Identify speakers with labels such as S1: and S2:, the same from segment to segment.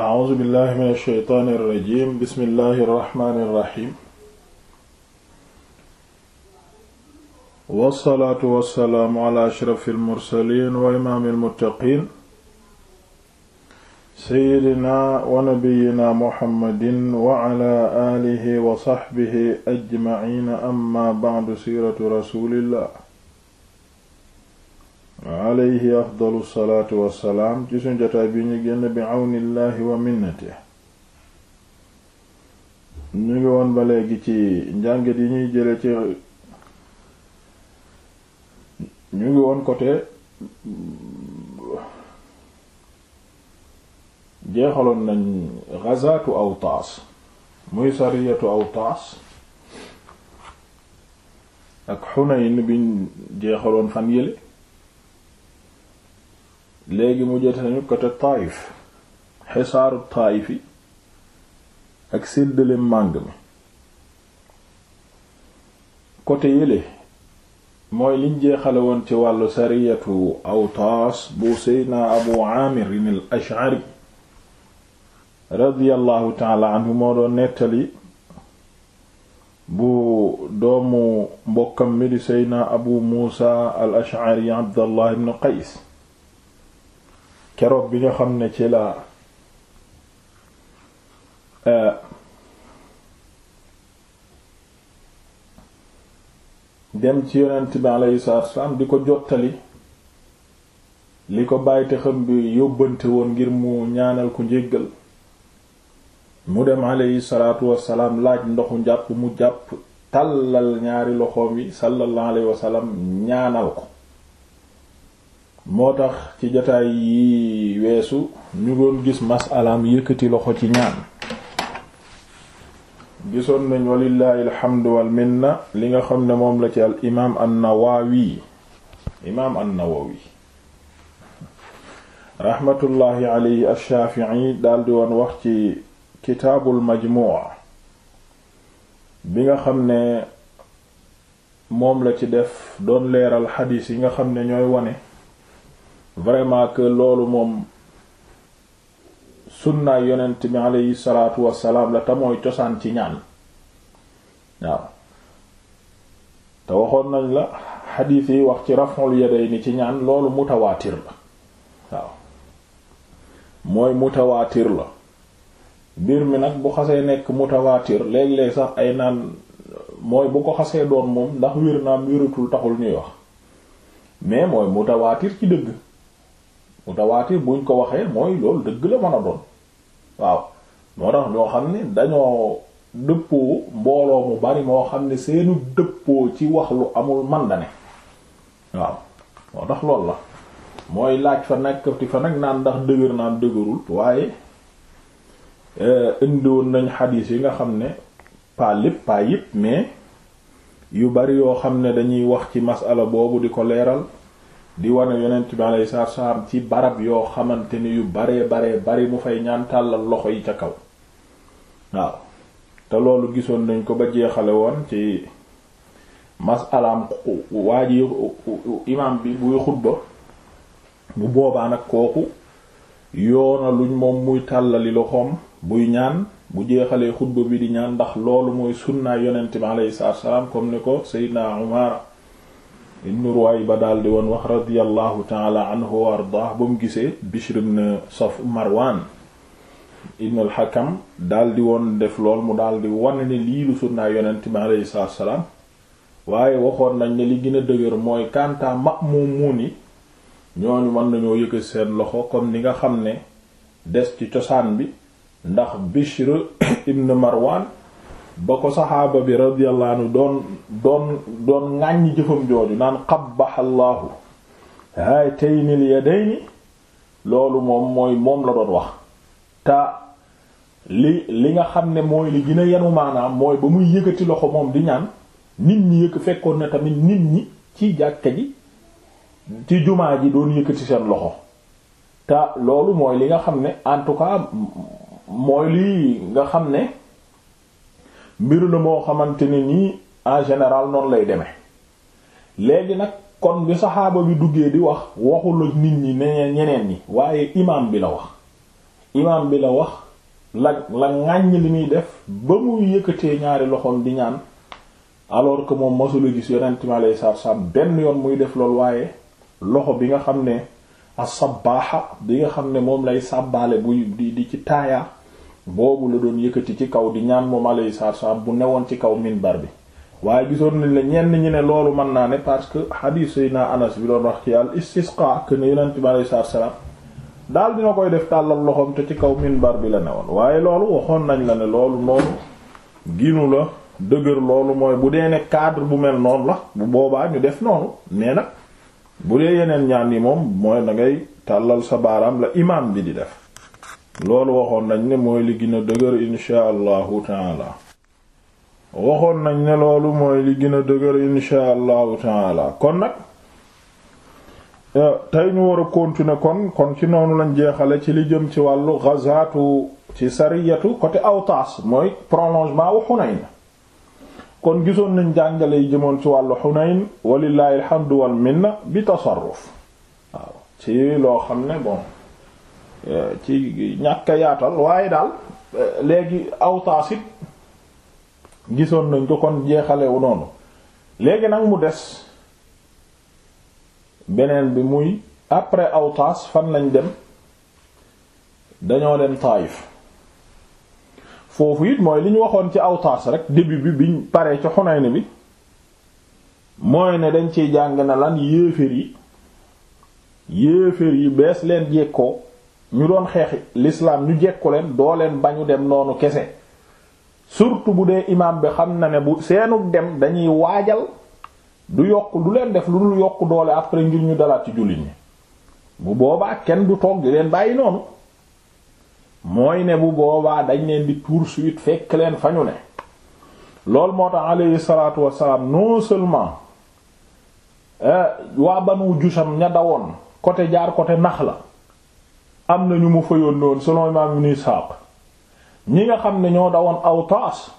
S1: a'uuzu billahi min ash-shaytaani ar-rajiim bismillahi ar-rahmaani ar-rahiim wassalaatu wassalaamu ala ashrafi al-mursaliin wa imaami al-muttaqiin seydina wa nabiyina muhammadin wa ala aalihi wa saxbihi ajmaciin amma ba'du siiratu rasuulillah alayhi afdalu salaatu wassalaam ci suñu jotaay bi ñu génn bi àwnillaahi wa minnate ñu ngi woon ba léegi ci njàngat yi ñuy jële ci ñu ngi woon côté jeexaloon nañ gazaatu Awtaas muy sariyatu taas ak Xunayn biñ jeexaloon fan yële léegi mu jot nañu côté Taïf xisaaru Taïf yi ak séddale màng mi côté yële mooy liñ jeexale woon ci wàllu sariyatu Awtaas bu Seydina Abu Aamir al-Ash'ari radiyallahu taala moo doon nettali bu doomu mbokkam mi di Abu Muusa al-Ash'ari Abdallah ibn Qays keroog bi nga xam ne ci la euh, dem ci yonent bi alayhi salaatu wassalaam di ko jottali li ko bàyyite xam bi yóbbante woon ngir mu ñaanal ko njéggal mu dem alayhi salaatu wassalaam laaj ndoxu njàpp mu jàpp tàllal ñaari loxoom yi sallallahu alayhi wasallam ñaanal ko moo tax ci jataay yi weesu ñu doon gis masalaam yëkkati loxo ci ñaan gisoon nañ walillahi alhamdu wal minna li nga xam ne moom la ci al imaam an-Nawawi imaam an-Nawawi rahmatullahi alayhi ash woon wax ci kitaabul majmu'a bi nga xam ne moom la ci def doon leeral xadiis yi nga xam ne ñooy wane vraiment que loolu moom sunna yonent bi aleyhi salaatu wassalaam la te mooy cosaan ci ñaan waaw te waxoon nañ la xadiis yi wax ci raf'ul yadayni ci ñaan loolu mutawaatir la waaw mooy mutawaatir la mbir mi nag bu xasee nekk mutawaatir léeg-léeg sax ay naan mooy bu ko xasee doon moom ndax wér naam wératul taxul ñuy wax mais mooy mutawaatir ci dëgg mutawaatir buñ ko waxee mooy loolu dëgg la mën a doon waaw moo tax ñoo xam ne dañoo dëppoo mbooloo mu bari moo xam ne seenu dëppoo ci wax lu amul man waaw moo tax loolu la mooy laaj fa nekk fa nag naan ndax dëgër naan dëgërul waaye eh, indiwoon nañ xadiis yi nga xam ne paa lépp pas yépp mais yu bari yoo xam ne dañuy wax ci masala boobu di ko leeral di wane yonent bi alayhi salaam ci barab yoo xamante ni yu baree baree bari mu fay ñaan tàllal loxo yi ca kaw waaw te loolu gisoon nañ ko ba jeexale woon ci masalaam waa imaam bi buy xutba bu boobaa nag kooku yoona luñ moom muy tàllali loxoom buy ñaan bu jeexalee xutba bi di ñaan ndax loolu mooy sunnaa yonent bi alayhi salaatu salaam comme ni ko Seydina Umar ibnu ba daal di woon wax radiyallahu taala anhu wa ardaah ba mu gisee Bishr ibn Saf Marwan ibn al-Hakam di woon def lool mu daal di wane ne lii lu sunnaa yonent bi alayhi salaatu salaam waaye waxoon nañ ne li gën a dëgër mooy kanta ma'mumun yi ñooñu mën nañoo yëkkati seen loxo kon ni nga xam ne des ci cosaan bi ndax Bishr ibn Marwan ba ko saxaaba bi radiyallahu anhu doon doon doon ŋàññi jëfam jooju naan qabbahallahu haytaynil yadayni loolu moom mooy moom la doon wax te li li nga xam ne mooy li gën a yenu maanaam mooy ba muy yëkkati loxo moom di ñaan nit ñi yëkk fekkoon na tamit nit ñi ci jàkka ji ci jumaa ji doon yëkkati seen loxo te loolu mooy li nga xam ne en tout cas mooy li nga xam ne mbiru la moo xamante ne nii en général noonu lay deme léegi nag kon bi saxaaba bi duggee di wax waxul ak nit ñi ne ñeneen ñi waaye imaam bi la wax imaam bi la wax la la ŋàññ li muy def ba muy yëkkatee ñaari loxoom di ñaan alors que moom masula gis yonent mi alayhi benn yoon muy def loolu waaye loxo bi nga xam ne asabaaxa bi nga xam ne moom lay sàbbaale buy di di ci taayaa boobu la doon yëkkati ci kaw di ñaan moom alayhi salaatu salaam bu newoon ci kaw minbar bi waaye gisoon nañ la ñenn ñi ne loolu mën naa ne parce que hadith na Anas bi doon wax ci al istisqa que ne yonent bi alayhi salaam daal dina koy def tàllal loxoom te ci kaw minbar bi la newoon waaye loolu waxoon nañ la ne loolu noonu ginu la dëgër loolu mooy bu dee ne cadre bu mel noonu la bu boobaa ñu def noonu nee nag bu dee yeneen ñaan yi moom mooy da ngay tàllal sa baaraam la imaam bi di def. loolu waxoon nañ ne mooy liggin gën a dëgër insha allahu taala waxoon nañ ne loolu mooy li a dëgër insha allahu taala kon nag euh, tey ñu wara a continuer kon kon ci noonu lañ jeexale ci li jëm ci wàllu ghazaatu ci sariyatu côté Awtaas mooy prolongement wu Xunayn kon gisoon nañ jàngale yi jëmoon ci wàllu Xunayn walillahi alhamdu wal minna bi tasarruf waaw ci loo xam ne bon ci ñàkk yaatal waaye daal léegi Awtaas it gisoon nañ ko kon jeexalewu noonu léegi nag mu des beneen bi muy après Awtaas fan lañ dem dañoo dem Taayif foofu it mooy li ñu waxoon ci Awtaas rek début bi biñ paree ci Xunayn bi mooy ne dañ ciy jàng na lan yéeféer yi yéeféer yi bees leen jekkoo ñu doon xeexi l'islam ñu jekku leen doo leen bañu dem noonu kese surtout bu dee imaam bi xam na ne bu seenu dem dañuy waajal du yokk du leen def lu dul yokk doole après ngir ñu dalaat ci jullit ñi bu boobaa kenn du toog leen bàyyi noonu mooy ne bu boobaa dañ leen di poursuite fekk leen fa ñu ne loolu moo tax alayhi salaatu wassalaam non seulement euh, waa banu jusam ña dawoon côté jaar côté nax la am na ñu mu fa yónnoon selon imaam ibn Isxaaq ñi nga xam ne ñoo dawoon aw Awtaas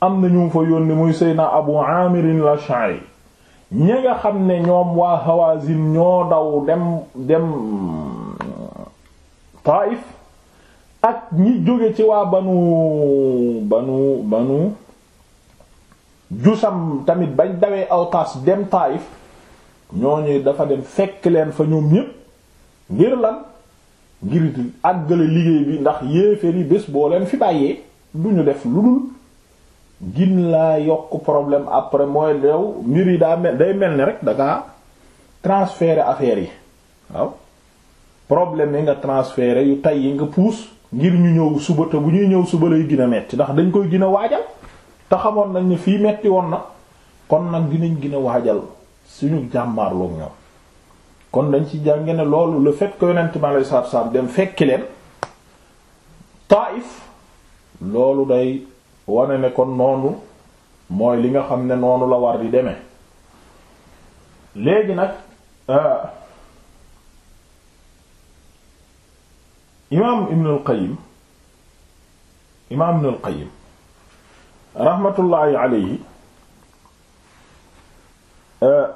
S1: am na ñu mu fa yónni muy Seydina Abu Aamir al ñi nga xam ne ñoom waa Hawaazin ñoo daw dem dem Taif ak ñi jóge ci waa banu banu banu jusam tamit bañ dawee Awtaas dem Taif ñooñu dafa dem fekk leen fa ñoom ñépp ngir lan ngir àggale liggéey bi ndax yéeféer yi bés boo leen fi bàyyee du ñu def lu dul gin laa yokk problème après mooy leew mbir yi daa mel day mel ni rek dangaa transférer affaire yi waaw problème yi nga transférer yu tay yi nga puus ngir ñu ñëw suba te bu ñuy ñëw suba lay gën a metti ndax dañ koy gën a waajal te xamoon nañ ne fii metti woon na kon nag dinañ gën a waajal suñu jàmmaarloog ñoom kon dañ ci jànge ne loolu le fait que yonent bi alayhi dem fekki leen Taif loolu day wane ne kon noonu mooy li nga xam ne noonu la war di deme léegi nag euh, imaam Ibnul Qayyim imaam Ibnul Qayyim rahmatullahi alayhi euh,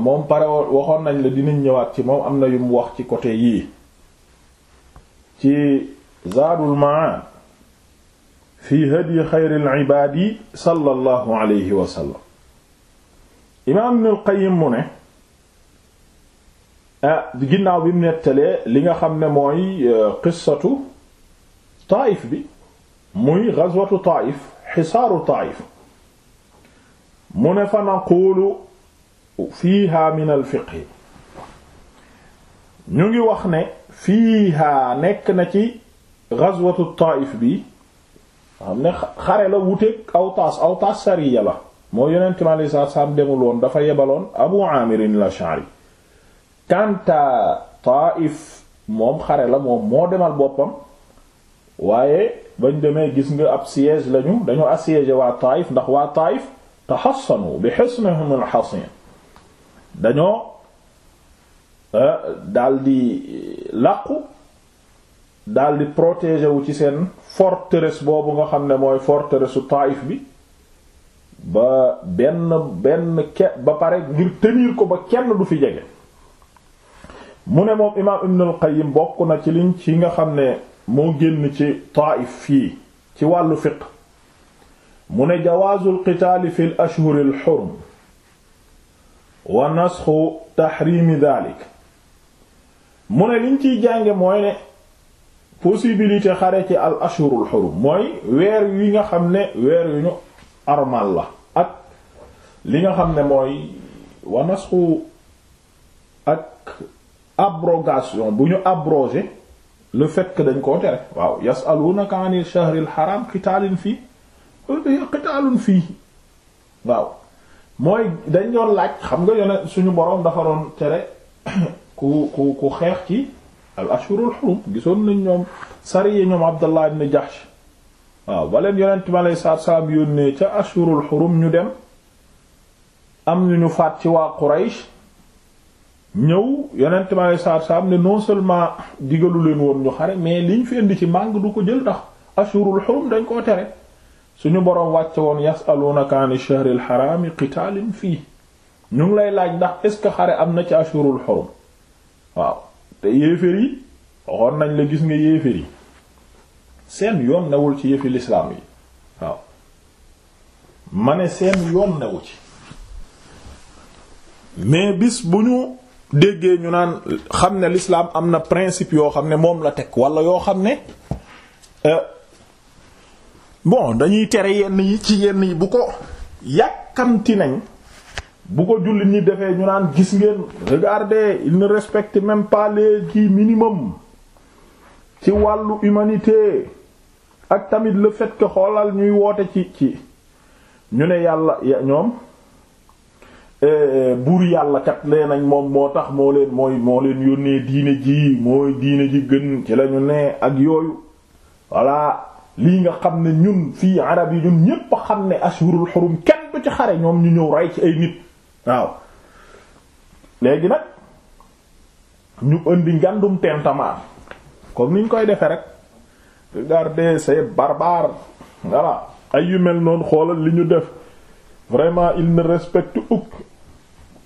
S1: moom pare waxoon nañ la dinañ ñëwaat ci moom am na yum wax ci côté yii ci zaadul ma'ad fi hadyi xayril ibaadi sallallahu alayhi wa sallam imaam Ibnul Qayyim mu ne ah ginnaaw bi mu nettalee li nga xam ne mooy euh, qissatu Taayif bi muy gazwatu Taayif xisaaru Taayif mu ne fa naqulu fiiha min al fiqhi ñu ngi wax ne fiiha nekk na ci ghazwatu Taif bi xam ne xare la wuteeg Awtaas Awtaas sariya la moo yonent mi alayhi salaatu salaam demul woon dafa yebaloon Abu Aamir al-Ash'ari kanta Taif moom xare la moom moo demal boppam waaye bañ demee gis nga ab siège lañu dañu assiégé waa Taif ndax waa Taif tahassanu bi hisnihim al-hasin dañoo euh, daldi làqu daldi protéger wu ci seen forteresse boobu nga xam ne mooy forteresse u Taïf bi ba benn benn ke ba pare ngir tenir ko ba kenn du fi jege mu ne moom imaam Ibn al bokk na ci liñ ci nga xam ne moo génn ci Taïf fii ci wàllu fiqh mu ne jawaazul qitaal fi ashhur al waa nasxu taxrimi dalik mu ne liñ ciy jànge mooy ne possibilité xare ci al ashurul xurum mooy weer yi nga xam ne weer yu ñu armal la ak li nga xam ne mooy waa nasxu ak abrogation bu ñu abrogé le fekk dañ koo tere waaw yasalunaka anil shahril haram qitaalin fii qitaalun fii waaw mooy dañ doon laaj xam nga yone suñu boroom dafa doon tere ku ku ku xeex ci al ashurul xurum gisoon nañ ñoom sariye ñoom Abdallah ibn Jahsh waaw ba leen yonent mi aleyhi salaatu salaam yónnee ca ashurul xurum ñu dem am ñu ñu faat ci waa Quraysh ñëw yonent mi aleyhi salaatu ne non seulement digalu leen woon ñu xare mais liñ fi indi ci màng du ko jël ndax ashurul xurum dañ koo tere suñu boroom wàcce woon yasalunaka an shahril xaraami qitaalin fii ñu ngi lay laaj ndax est ce que xare am na ci ashurul xurum waaw te yéefér yi waxoon nañ la gis nga yéefér yi seen yoon newul ci yëfi lislaam yi waaw ma ne seen yoon newu ci mais bis bu ñu déggee ñu naan xam ne lislaam am na principe yoo xam ne moom la teg walla yoo xam ne euh, bon dañuy tere yenn yi ci yenn yi bu ko yàkkamti nañ bu ko julli ñu defee ñu naan gis ngeen regardez il ne respecte même pas les kii minimum ci wàllu humanité ak tamit la fait xoolal ñuy woote ci ci ñu ne yàlla ñoom eh, eh, buur yàlla kat lee nañ moom moo tax moo leen mooy moo leen yónnee diine ji mooy diine ji gën ci la ñu ne ak yooyu voilà lii nga xam ne ñun fii arab yi ñun ñépp xam ne ashurul xurum kenn du ci xare ñoom ñu ñëw rey ci ay nit waaw léegi nag ñu indi ngandum tentamaar comme niñ koy defe rek regardez ces barbares voilà ay yu mel noonu xoolal li ñu def vraiment il ne respecte aucune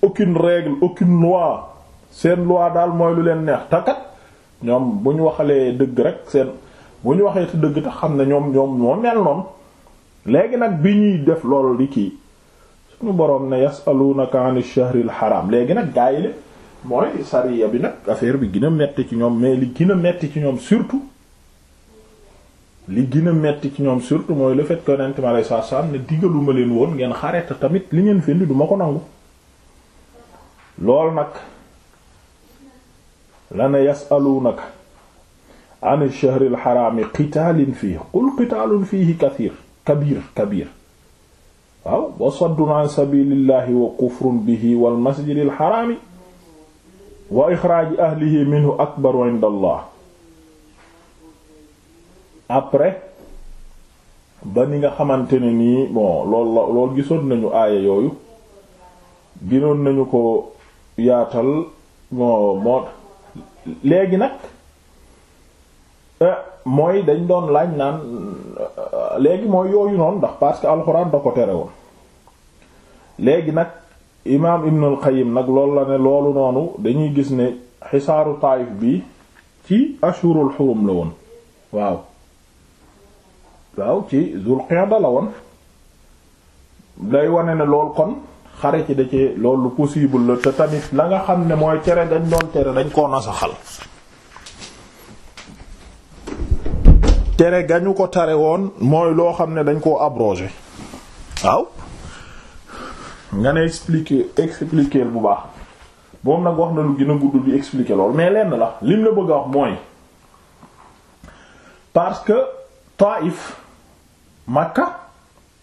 S1: aucune règle aucune loi seen loi daal mooy lu leen neex takat ñoom bu ñu waxalee dëgg rek seen bu ñu waxee te dëgg tax xam ne ñoom ñoom moo mel noonu léegi nag bi ñuy def loolu di kii suñu boroom ne yasalunaka an ash-shahril haram léegi nag gaa yi mooy sariya bi nag affaire bi gën a metti ci ñoom mais li gën a metti ci ñoom surtout li gën metti ci ñoom surtout mooy le fait que Yonent mi alayhi salaatu salaam ne digaluma leen woon ngeen xare tamit li ngeen fendi duma ko nangu loolu nag la ne nag an ash-shahr al-haram qitaalin fiihi qul qitaalun fiihi kathiir kabiir kabiir waaw wa saddun an sabiilillahi wa kufrun bihi wal masjidil haraami wa ixraaji ahlihi minhu akbar inda allah après ba ni nga xamante ne nii bon lool la lool gisoon nañu aaya yooyu ginoon nañu ko yaatal bon moo léegi nag Euh, mooy dañ doon laaj naan euh, léegi mooy yooyu noonu ndax parce que alxuraan da ko tere woon léegi nag imaam Ibnul Qayyim nag lool la ne loolu noonu dañuy gis ne xisaaru Taayif bi ci ashurul xurum la woon waaw waaw ci Zul Qa'da la woon day wane ne lool kon xare ci da ci loolu possible la te tamit la nga xam ne mooy tere dañ doon tere dañ koo nasaxal tere gañu ko tare woon mooy loo xam ne dañ koo abrogé waaw nga ne expliquer expliquer bu baax moom nag wax na lu gina a gudd di expliquer lool mais lenn la lim la bëgg a wax mooy parce que Taïf Makka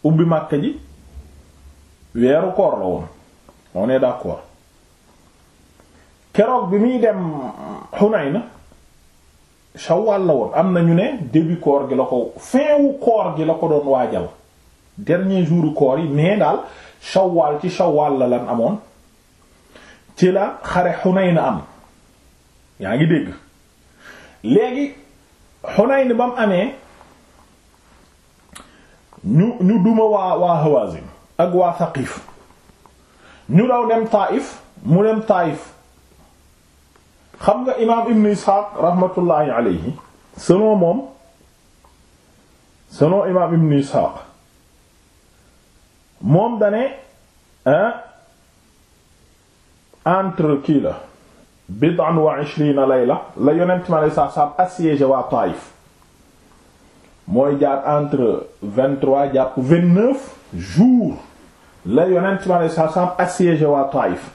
S1: ubbi Makka ji weeru koor la woon on est d'accord keroog bi muy dem Hunayna shawwal la woon am na ñu ne début koor gi la ko fin wu gi la ko doon waajal dernier jour koor yi mais daal shawwal ci shawwal la lan amoon ci la xare Hunayn am yaa ngi dégg léegi Hunayn ba mu amee ñu ñu duma waa waa Hawazin ak waa Saqif ñu daw dem Taif mu dem Taif xam nga imaam ibn isxaaq rahmatullahi alayhi selon moom selon imaam ibn isxaaq moom dane entre kii la bid'an wa ishrina layla la yonent mi alei satu salaam assiégé waa Taïf mooy jaar entre vingt-trois jàpp vingt-neuf jours la yonent mi alei satu salaam assiégé waa Taïf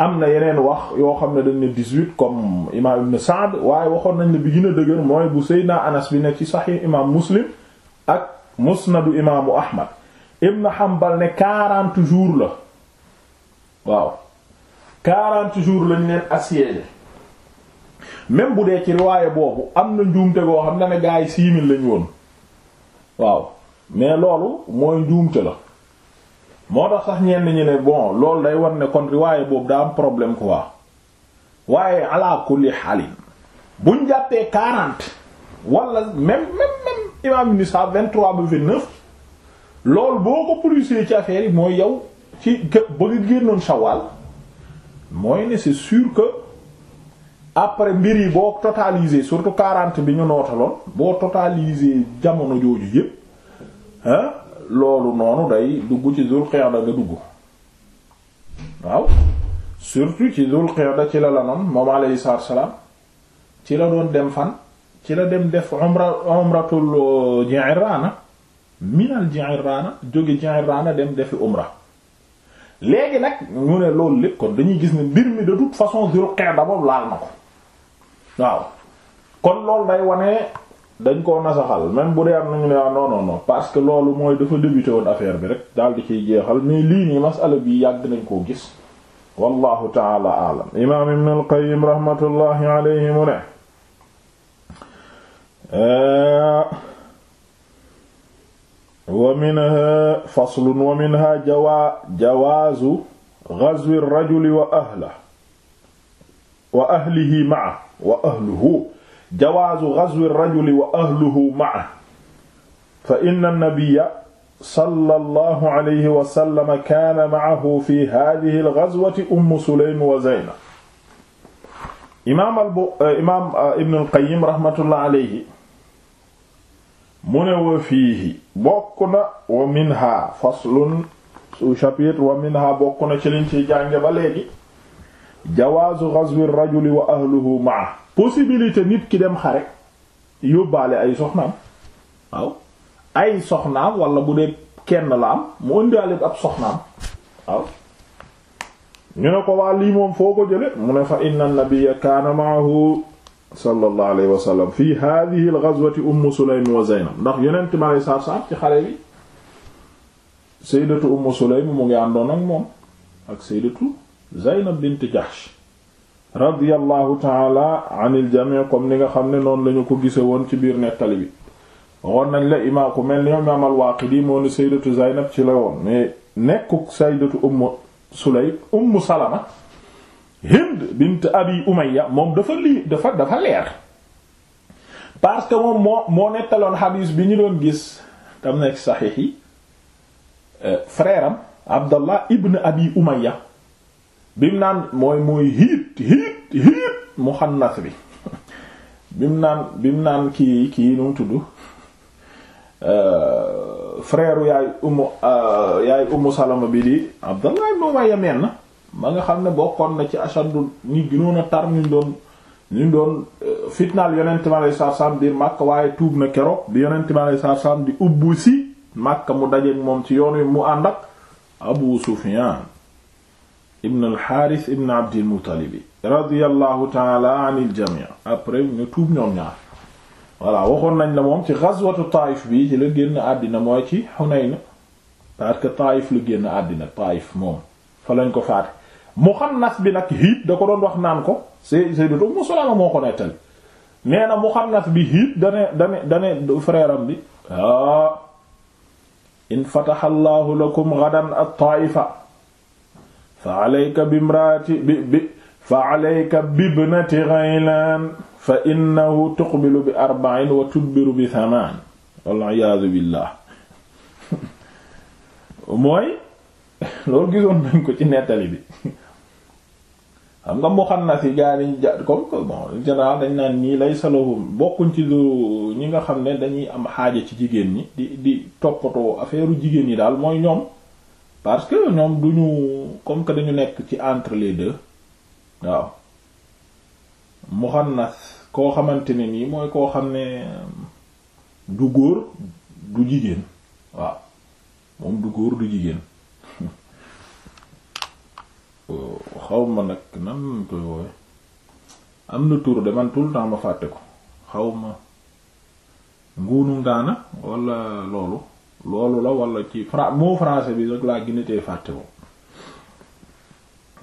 S1: am na yeneen wax yoo xam ne dañ ne dix-huit comme imaam ibn Sa'd waaye waxoon nañ ne bi gën dëgër mooy bu Seydina Anas bi ne ci Sahih imaam Muslim ak musnadu imaamu Ahmad ibn Hanbal ne quarante jours la waaw quarante jours lañ leen assiégé même bu dee ci riwaaye boobu am na njuumte goo xam ne ne gaa yi six mille lañ woon waaw mais loolu mooy njuumte la moo tax sax ñeen ñi ne bon loolu day war ne kon waaye boobu daa am problème quoi waaye ala kulli xaalin buñ jàppee 40 wala même même même imam ibn Sa'd 23 ba 29 lool boo ko plusee ci affaire yi mooy yow ci bëgg génnoon Shawwal mooy ne c'est sûr que après mbir yi boo totalisé surtout 40 bi ñu nootaloon boo totalisé jamono jooju yépp loolu noonu day dugg ci zul xeex da nga dugg waaw surtout ci zul xeex da ci la la noon moom alayhi salaatu salaam ci la doon dem fan ci la dem def umra umratul uh, Ji'irraana minal Ji'irraana jóge Ji'irraana dem defi umra léegi nag ñu ne loolu lépp kon dañuy gis ne mbir mi de toute façon zul da boobu laal na ko waaw kon loolu day wane. dañ koo nasaxal même bu dee am nañu ne ah, parce que loolu mooy dafa débuté woon affaire bi rek daal di ciy jeexal mais lii nii masala bi yàgg nañ koo gis wallahu taala alam imaam ibn al qayyim rahmatullahi mu ne eh, wa minha faslun wa minha jawa jawaazu ghazwi ar-rajuli wa ahlihi wa ahlihi ma'a wa ahluhu jawaazu ghazwi rajuli wa ahluhu ma'a fa inna nabiyya sallallahu alayhi wa sallam kaana ma'ahu fi haadihi al-ghazwati ummu sulaym wa zaynab imaam eh, imaam eh, Ibn al-Qayyim rahmatullah alayhi mu ne wa fiihi bokk na wa minha faslun su chapitre wa minha bokk na ci liñ ciy jànge ba léegi jawaazu ghazwi rajuli wa ahluhu maa possibilité nit ki dem xare yóbbaale ay soxna waaw ay soxnaam wala bu dee kenn la am mu ëndaale ab soxnaam waaw ñu ne ko waa lii moom foo ko mu ne fa inna nabiyya kaana ma'ahu sallallahu alayhi ndax yonent mi alayhi salaatu salaam ci xare bi sayyidatu ummu sulaym mu ngi àndoon ak moom ak sayyidatu Zaynab bint Jahsh radiyallahu taala anil jamii comme ni nga xam ne noonu lañu ko gise woon ci biir nettali bi waxoon nañ la imaam ku mel ni imaam al-Waaqidi moo ne saydatu Zaynab ci la woon mais nekkuk saydatu Umm Sulaym Umm Salama Hind bint Abi Umayya moom dafa lii dafa dafa leer parce que moom moo nettaloon xadiis bi ñu doon gis tam nekk saxiix yi eh, frère Abdallah ibn Abi Umayya bim naan mooy mooy hiit hiit hiit muxannas bi bim naan bim naan kii kii nu tudd euh, frère yaay umu euh, yaay umu salama bi di Abdallah ibn a meen na ma nga xam ne bokkoon na ci ashadu ñi gënoon a tar ñu doon ñu doon euh, fitnaal yonent mi alayhi salaatu salaam biir waaye tuub na keroog bi yonent mi alayhi salaatu di ubbi si Makka mu dajeeg moom ci yoon wi mu ànd ak Abu Sufyan ibn alxaaris ibn abdilmuttalibi radiallahu taala tuub ñoom ñaar voilà waxoon nañ la moom ci gazwatu bii bi ci la génn àddina mooy ci Hunayn parce que taayif la génn àddina taayif moom fa lañ ko faate bi nag hiit da doon wax naan ko say sayyidatu Ummu Salama moo ko nettali nee na bi hiit dane dane dane bi ah, in fataha Allahu lakum ghadan at-Taa'ifa fa alayka bimraati bi bi fa alayka bibnati Ghaylaan fa innahu tuqbilu bi arba'in wa tudbiru bi thamaan wal iyaadu billaah mooy loolu gisoon nañ ko ci nettali bi xam nga mu xam na si gaa yi ja comme que bon général dañ naan ñii lay salahum bokkuñ ci ñi nga xam ne dañuy am xaaja ci jigéen ñi di di toppatoo affaire jigéen ñi daal mooy ñoom parce que ñoom duñu comme que dañu nekk ci entre les deux waaw muxannas koo xamante ne nii mooy koo xam ne du góor du jigéen waaw moom du góor du jigéen oh, xaw ma nag nan koy woowe am na tur de man tout le temps ma fàtte ko xaw ma nguunu ngaana walla loolu loolu la wala ci fra moo français bi rek laa ginatee fàtte ko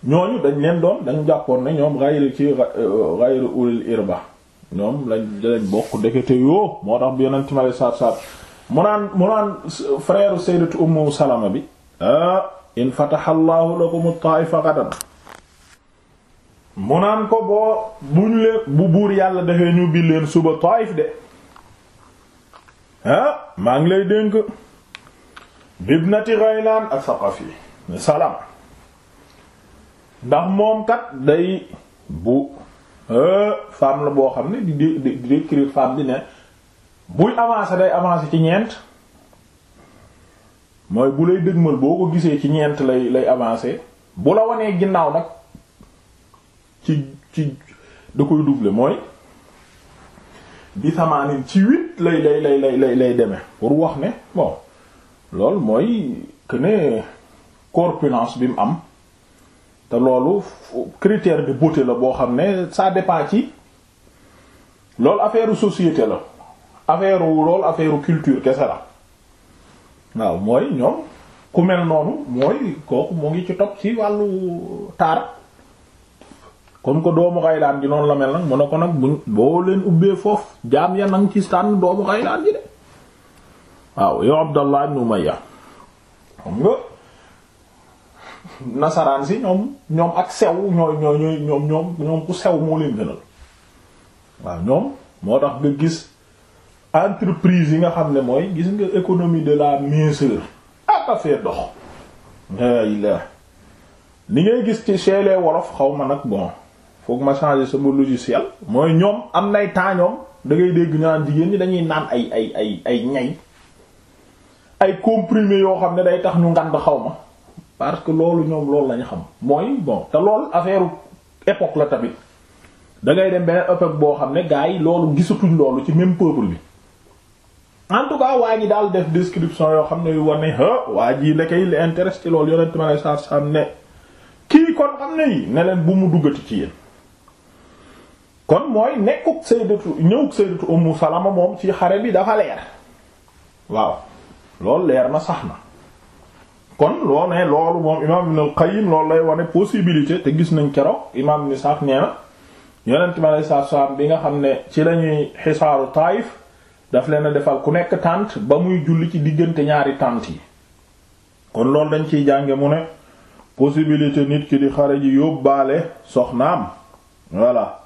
S1: ñooñu dañ leen doon dañ jàppoon na ñoom gayri ci gayri ulil irba ñoom lañ lañ bokk dekete yoo moo tax bi ma le saat-saat mu naan mu naan frère sayyidatu bi ah in fataha allahu lakum taifa gadan mu ko boo buñ leen bu buur yàlla defee ñu bi leen suba taif de ah maa ngi lay dénk nati bibnati Ghaylan as-Saqafi salama ndax moom kat day bu euh, femme la boo xam ne di di décrire femme bi ne buy avancer day avancer ci ñeent mooy bu lay dëgmal boo ko gisee ci ñeent lay lay avancer bu la wanee ginnaaw nag ci ci da koy doubler mooy bi samaanin ci huit lay lay lay lay demee pour wax ne bon loolu mooy que ne corpulence bi mu am te loolu critère bi beauté la boo xam ne ça dépend ci loolu affaire société la affaire loolu affaire culture kese la waaw mooy ñoom ku mel noonu mooy kooku mu ngi ci topp ci wàllu taar comme que doomu xaylaan gi noonu la mel nag mu ne ko nag buñ boo leen ubbee foofu jaam ya nang ci tànn doomu xaylaan gi de waaw yow Abdallah ibn Umayya xam nga nasaraan si ñoom ñoom ak sew ñooy ñooy ñoom ñoom ñoom ku sew moo leen gënal waaw ñoom moo tax nga gis entreprise yi nga xam ne mooy gis nga économie de la minceur ak ah, affaire dox la li ngay gis ci cheelee wolof xaw ma nag bon foog ma changer sama logiciel mooy ñoom am nay temps ñoom da dégg ñu naan jigéen ñi dañuy naan ay ay ay ay ñay ay comprimés yoo xam ne day tax ñu ngand xaw ma parce que loolu ñoom loolu lañu xam mooy bon te lool affaire époque la tamit da ngay dem beneen époque boo xam ne gars yi loolu gisatuñ loolu ci même peuple bi en tout cas waa ji daal def description yoo xam ne yu war ne ah waa ji la koy intéresse ci loolu yonent ma lay saa am ne kii kon xam ne yi ne leen bu mu duggati ci yéen. kon mooy nekkuk sayyidatu ñëwuk sayyidatu Ummu Salama moom ci xare bi dafa leer waaw. loolu leer na sax na kon loo ne loolu moom imaam Ibn al-Qayyim loolu lay wane possibilité te gis nañ keroog imaam ni sax nee na yonent mi aleyhi salaatu salaam bi nga xam ne ci lañuy xisaaru Taayif daf leen a defal ku nekk tànt ba muy julli ci diggante ñaari tànt yi kon loolu dañ ciy jànge mu ne possibilité nit ki di xare ji yóbbaale soxnaam voilà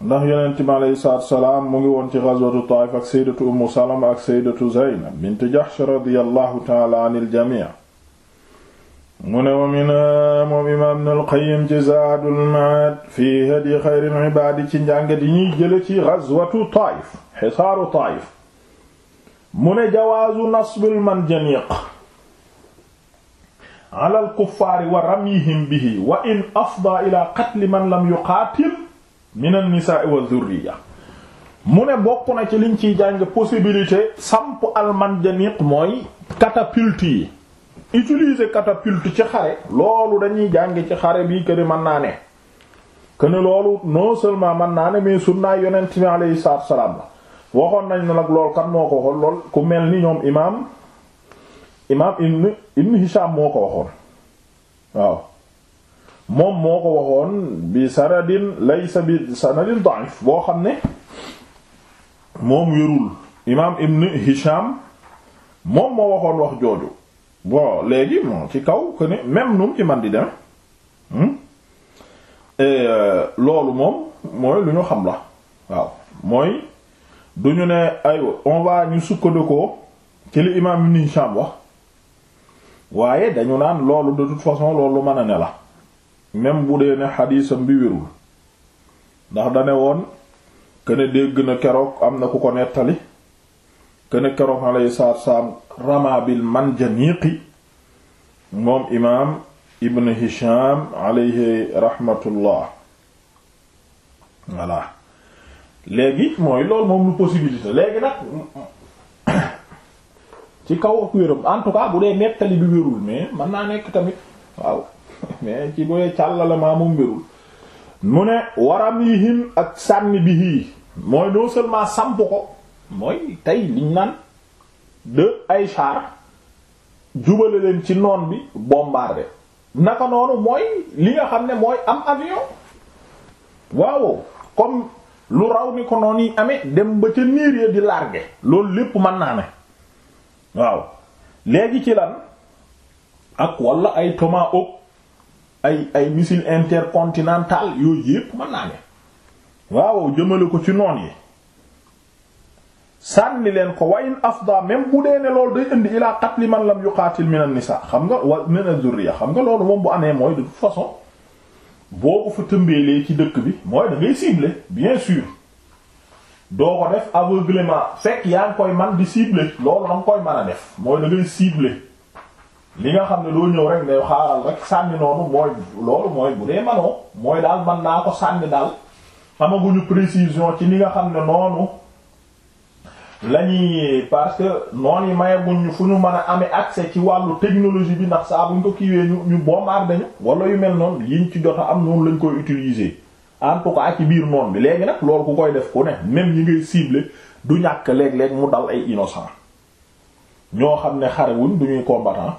S1: ndax yonent bi aleyhi salaatu salaam mu ngi woon ci ghazwatu Taayif ak sayyidatu Ummu Salama ak sayyidatu Zaynab bint Jahsh radiyallahu ta'ala anil jamii mu ne wa minhaa moom imaam Ibnul Qayyim ci Zaadul Ma'aad fii hadyi xayril ibaad ci njàngat yi ñuy jële ci ghazwatu Taayif xisaaru Taayif mu ne jawaazu nasbil manjaniiq alal kuffaari wa ramyihim bihi wa in afdaa ilaa qatli man lam yuqaatil minan nisaa wa dhurriya mu ne bokk na ci liñ ciy jàng possibilité samp almanjaniq mooy catapulte yi utiliser catapulte ci xare loolu dañuy jàng ci xare bi que ne mën naa ne que ne loolu non seulement mën naa ne mais sunnaa yonent bi alayhi salaatu salaam la waxoon nañ ne nag lool kan moo ko waxoon lool ku mel ni ñoom imaam imaam ibn ibn Hisham moo ko waxoon waaw moom moo ko waxoon bi sanadin laysa bi sanadin da'if boo xam ne moom wérul imaam ibn Hisham moom moo waxoon wax jooju bon léegi moom ci kaw que ne même nu mu ci man di dem hmm? euh, loolu moom mooy lu ñu xam la waaw mooy du ñu ne ay on va ñu sukkandikoo ci li imaam ibn Hisham wax waaye dañu naan loolu de toute façon loolu mën a ne la même bu dee ne xadiisam bi wérul ndax dane woon kene dégg na keroog am na ku ko nettali kene keroog alayhi salaatu wasalaam rama bil manjaniqi moom imaam ibn hisham alayhi rahmatullah voilà léegi mooy loolu moom lu possibilité léegi nag ci kaw ak wéram en bu dee nettali bi wérul mais mën naa nekk tamit waaw mais ci boye càllale maa mbirul mu ne waram yi him ak sànni bi hii mooy non seulement samp ko mooy tey liñ naan de ay char jubale leen ci noon bi bombardé naka noonu mooy li nga xam ne mooy am avion waaw comme lu raw ni ko noonu yi amee dem ba ca niir ya di largué loolu lépp mën naa ne waaw léegi ci lan ak walla ay tomahawk ay ay missile intercontinental yooyu yépp mën naa ne waaw jëmale ko ci noon yi sànni leen ko wayin afda même bu dee ne loolu day indi ilaa li man lam yuqaatil min an-nisaa xam nga wa min az xam nga loolu moom bu amee mooy de toute façon boo ko fa tëmbeelee ci dëkk bi mooy da ngay bien sûr doo ko def aveuglement fekk yaa ngi koy man di cibler loolu da nga koy mën a def mooy da ngay li nga xam ne doo ñëw rek ne xaaral rek sànni noonu mooy loolu mooy bu dee manoo mooy daal man naa ko sànni daal amaguñu précision ci li nga xam ne noonu lañuy parce que noon yi mayaguñ ñu fu ñu mën a amee accès ci wàllu technologie bi ndax saa buñ ko kiiwee ñu ñu bombarder dañu wala yu mel noonu yiñ ci jot am noonu lañ koy utiliser en tout cas ci biir noon bi léegi nag loolu ku koy def ku ne même ñi ngay ciblé du ñàkk léeg-léeg mu dal ay innocent ñoo xam ne xarewuñ du ñuy combattant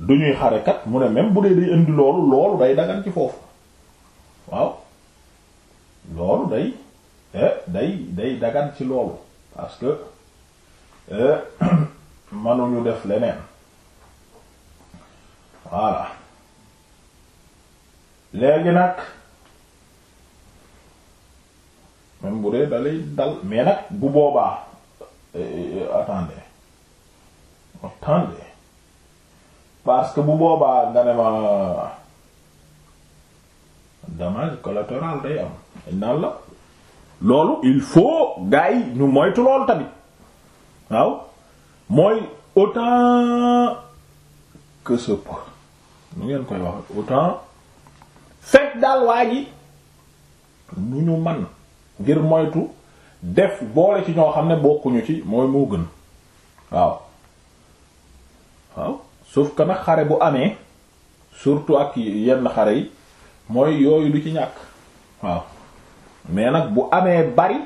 S1: du ñuy xarekat mu ne même bu dee day indi loolu loolu day dagan ci foofu waaw loolu day eh, day day dagan ci loolu parce que eh, mënuñu def leneen voilà léegi nag même bu dee dalay dal mais nag bu boobaa eh, attendez attendez parce que bu boobaa nga ne ma dommage collatéral day am dañ la loolu il faut gars ñu moytu loolu tamit waaw mooy autant que ce peut nu ngeen koy wax autant fekk daal waa ji nu ñu man ngir moytu def boole ci ñoo xam ne bokkuñu ci mooy moo gën waaw waaw sauf que nag xare bu amee surtout ak yenn xare yi mooy yooyu du ci ñàkk waaw mais nag bu amee bari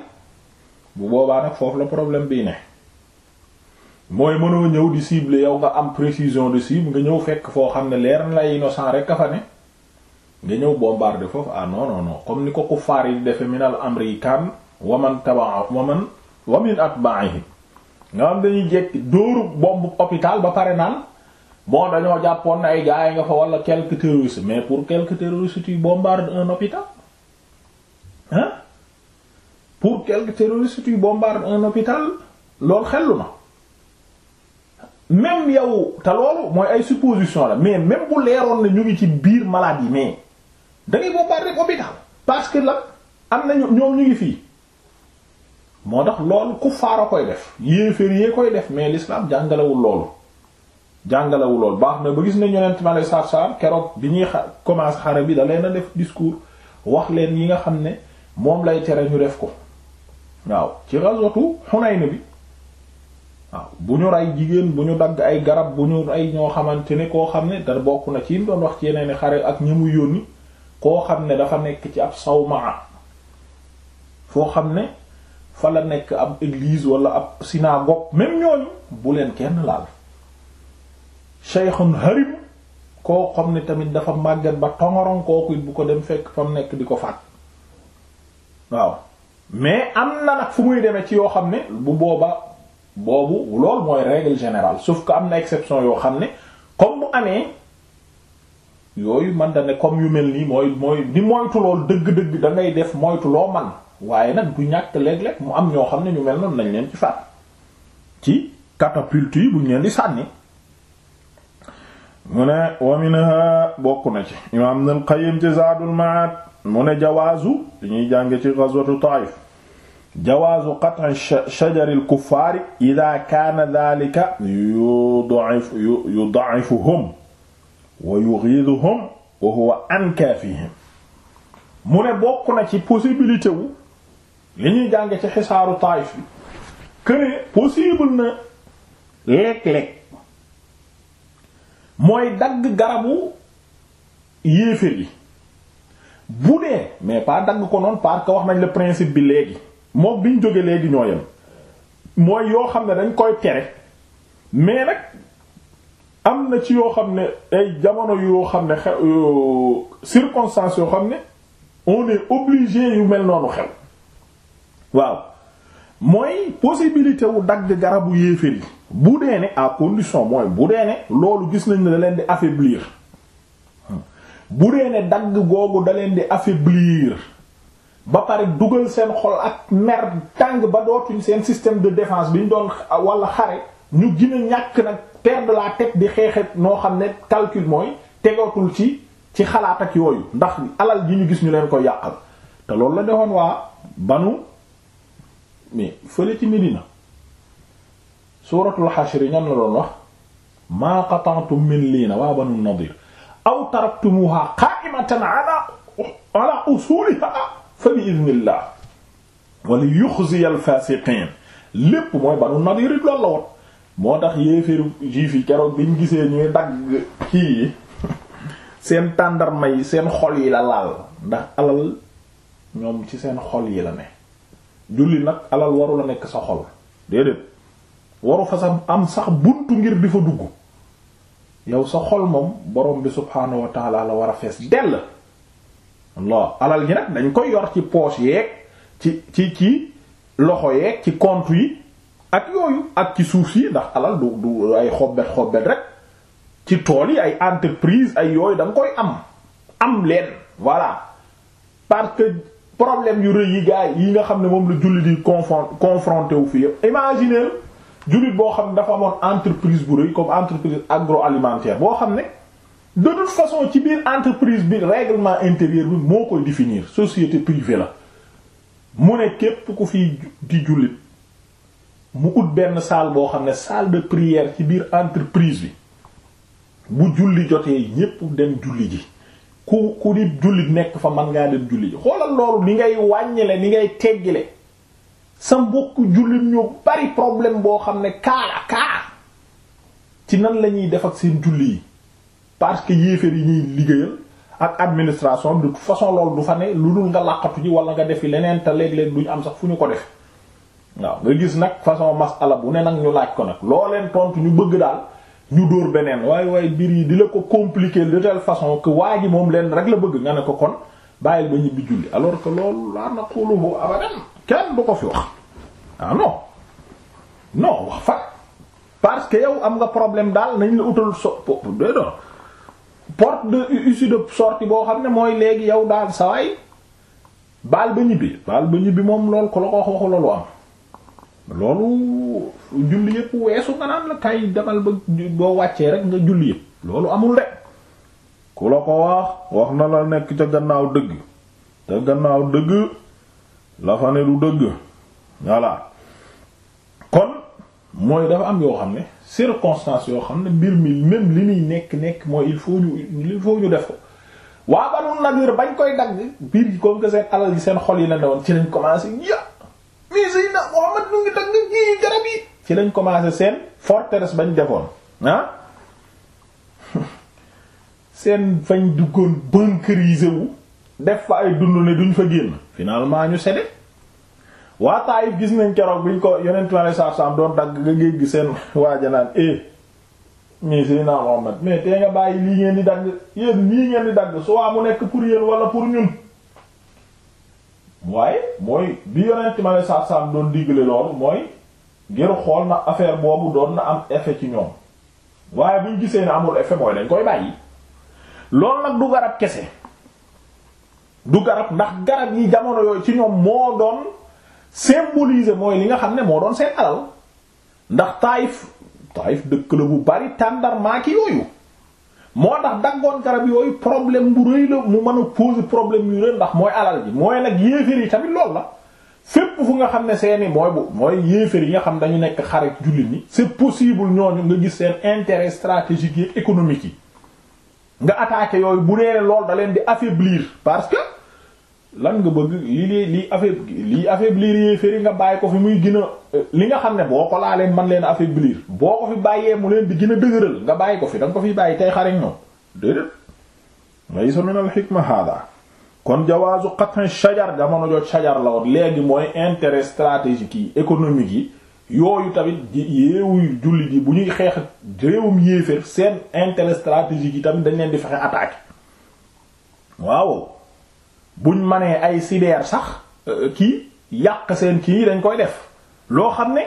S1: bu boobaa nag foofu la problème bii ne mooy mënoo ñëw di cible yow nga am précision de cible nga ñëw fekk foo xam ne leer na lay innocent rek a fa ne nga ñëw bombarder foofu ah non comme ni ko kuffaar yi defe minal amrikaan waman taba waman wamin atba'ihi nga xam dañuy jekk dóoru bomb hôpital ba pare naan bon dañoo jàppoon na ay gars yi nga fa wala quelques terroristes mais pour quelques terroristes tu bombardes un hôpital hein pour quelques terroristes tu bombardes un hôpital loolu xellu na yow te loolu mooy ay supposition la mais même bu leeroon na ñu ngi ci biir maladie mais da ngay hôpital parce que la am na ñoom ñu ngi fii moo tax loolu ku faara koy def yéeféer yee koy def mais l'islam jàngalewul loolu jàngalewu lool baax na ba gis nañ yonent mi alayhi salaatu salaam keroog bi ñuy commencé xare bi dalay leen def discours wax leen yi nga xam ne moom lay tere ñu def ko waaw ci ghazwatu Hunayn bi waaw bu ñu rey jigéen bu ñu dagg ay garab bu ñu ay ñoo xamante ne koo xam ne da bokk na ci doon wax ci yeneen xare ak ñi mu yónni koo xam ne dafa nekk ci ab sawmaa foo xam ne fa la nekk ab église wala ab synagogue même ñooñu bu leen kenn laal shaykhun harim koo xam ne tamit dafa màgget ba tongoroŋ kooku bu ko dem fekk fa mu nekk di ko faat waaw mais am na nag fu muy demee ci yoo xam ne bu booba boobu loolu mooy règle générale sauf ko am na exception yoo xam ne comme bu amee yooyu man da comme yu mel nii mooy mooy di moytu lool dëgg-dëgg da ngay def moytu loo man waaye nag du ñàkk léeg-léeg mu am ñoo xam ne ñu mel noonu nañ leen ci faat ci catapulte yi buñ leen di sànni. mu ne wa minha bokk na ci imaam Ibnul Qayyim ci Zaadul Ma'aad mu ne jawaazu dañuy jànge ci ghazwatu Taayif jawaazu qat'i shajari al-kuffaari idaa kaana dhaalika yud'if yud'ifuhum wa yughiidhuhum wa huwa an kaafihim mu ne bokk na ci possibilité wu li ñuy jànge ci xisaaru Taayif bi que possible na léeg-léeg mooy dagg garabu yéefér yi bu dee mais pas dagg ko noonu parce wax nañ le principe bi léegi moom bi ñu jógee léegi ñoo yem mooy yoo xam ne dañ koy tere mais nag am na ci yoo xam ne ay jamono yoo xam ne xew circonstances yoo xam ne on est obligé yu mel noonu xew waaw mooy possibilité wu dagg garabu yéefér yi bu dee ne à condition mooy bu dee ne loolu gis nañ ne da leen di affaiblir bu dee ne dagg googu da leen di affaiblir ba pare dugal seen xol ak mer tàng ba dootuñ seen système de défense bi ñu doon wala xare ñu gën ñàkk nag perdre la tête di xeexet noo xam ne calcul mooy tegootul ci ci xalaat ak yooyu ndax alal ji ñu gis ñu leen ko yàqal te loolu la defoon waa banu mais fële ci Médina suuratul xashri ñan la doon wax maa qata'tum min na waa banu nadir aw taraktumuha qa'imatan ala ala usuliha fa bi idnillah wa li dagg kii seen tàndarma yi seen xol yi la alal ñoom ci seen xol yi la ne julli nag alal waru la nekk sa xol déedéet waru fa sax am sax buntu ngir bi fa dugg yow sa xol moom borom bi subhaanahu wa la war a fees dell Allah alal ji nag dañ koy yor ci poche yeeg ci ci ci loxo yeeg ci compte yi ak yooyu ak ci suuf yi ndax alal du du ay xobbet xobbet rek ci tool yi ay entreprise ay yooyu da nga koy am am leen voilà parce que problème yu rëy yi gaa yi nga xam ne moom la julli di confron confronté wu fi yëpp imaginer jullit boo xam ne dafa amoon entreprise bu rëy comme entreprise agroalimentaire boo xam ne de façon ci biir entreprise bi règlement intérieur bi moo koy définir société privée la mu ne képp ku fi di jullit mu ut benn salle boo xam ne salle de prière ci biir entreprise bi bu julli jotee ñépp dem julli ji ku ku di jullit nekk fa mën ngaa dem julli ji xoolal loolu ni ngay wàññile ni ngay teggile sa mbokk jullit ñu bari problème boo xam ne kaala kaala ci nan la ñuy def ak seen julli yi parce que yéeféer yi ñuy liggéeyal ak administration de toute façon loolu du fa ne lu dul nga làqatu ji wala nga defi leneen te léeg-léeg duñ am sax fu ñu ko def waaw nga gis nag façon masala bu ne nag ñu laaj ko nag looleen leen tontu ñu bëgg daal ñu dóor beneen waaye waaye biir yi di la ko compliquer de telle façon que waa ji moom leen rek la bëgg nga ne ko kon bàyyil ba ñibbi julli alors kenn du ko fi wax ah non non wax fa parce que yow am nga problème daal nañ la utal so porte de issue de sortie boo xam ne mooy léegi yow daal sawaay baal ba ñibbi baal ba ñibbi moom loolu ko la ko wax waxu boo wàccee rek nga julli loolu amul rek ku la ko wax wax na la nekk ca gannaaw dëgg ca gannaaw dëgg la fa ne du dëgg voilà kon mooy dafa am yoo xam ne circonstance yoo xam ne mbir mi même li muy nekk nekk mooy il faut ñu il faut ñu def ko waa Banu Nadir bañ koy dagg biir gi comme que seen alal gi seen xol yi la newoon ci lañ commencé ya mii Seydina Muhammad mu ngi dagg gi garab yi ci lañ commencé seen forteres bañ defoon ah seen fañ duggoon bunkerisé wu def fa ay dund ne duñ fa génn finalement ñu sede waa Taayif gis nañ keroog biñ ko yonentu Yàlla saaf saaf doon dagg nga géej seen waajanaan eh mais Seydina Muhammad mais tee nga bàyyi lii ngeen di dagg yéen lii ngeen di dagg soit mu nekk pour yéen wala pour ñun. waaye mooy bi yonentu Yàlla saaf saaf doon digle loolu mooy ngir xool na affaire boobu doon na am effet ci ñoom waaye buñ gisee ne amul effet mooy dañ koy bàyyi loolu nag du garab kese. du garab ndax garab yi jamono yooyu ci ñoom moo doon symboliser mooy li nga xam ne moo doon seen alal ndax taayif taayif dëkk la bu bari tàndarmaaki yooyu moo tax daggoon garab yooyu problème bu rëy la mu mën a poser problème yu rëy ndax mooy alal bi mooy nag yéeféer yi tamit lool la fépp fu nga xam ne seeni mooy bu mooy yéeféer yi nga xam dañu nekk xarit jullit ni c'est possible ñooñu nga gis seen intérêt stratégique yi économique yi nga attaquer yooyu bu dee lool da di affaiblir parce lan nga bëgg lii lee lii affaiblir lii affaiblir yéeféri nga bàyyi ko fi muy gina li nga xam ne boo ko laa leen man leen affaiblir boo ko fi bàyyee mu leen di gën a dëgëral nga bàyyi ko fi da ko fi bàyyi tey xareñ ñoom déedéet laysa min hikma hada kon jawaazu qat'i shajar jamono jooj shajar la woon léegi mooy intérêt stratégique yi économique yi yooyu tamit yéewu jullit yi bu ñuy xeex réewum yéeféer seen intérêt stratégique yi tamit dañ leen di fexe attaquer waaw buñ manee ay cyber sax euh, kii yàq seen kii dañ koy def loo xam ne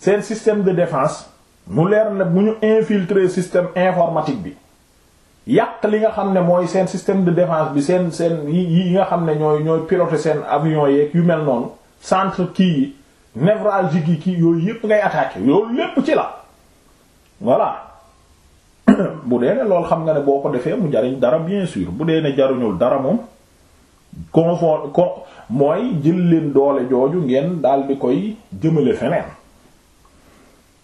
S1: seen système de defence mu leer nag bu ñu infiltrer système informatique bi yàq li nga xam ne mooy seen système de défense bi seen seen yi nga xam ne ñooy ñooy piloter seen avion yeeg yu mel noonu centre kii yi névralgique yi kii yooyu yépp ngay attaquer loolu lépp ci la voilà bu dee ne loolu xam nga ne boo ko defee mu jariñ dara bien sûr bu dee ne jaruñul dara moom. confort ko mooy jël doole jooju ngeen daal di koy jëmale feneen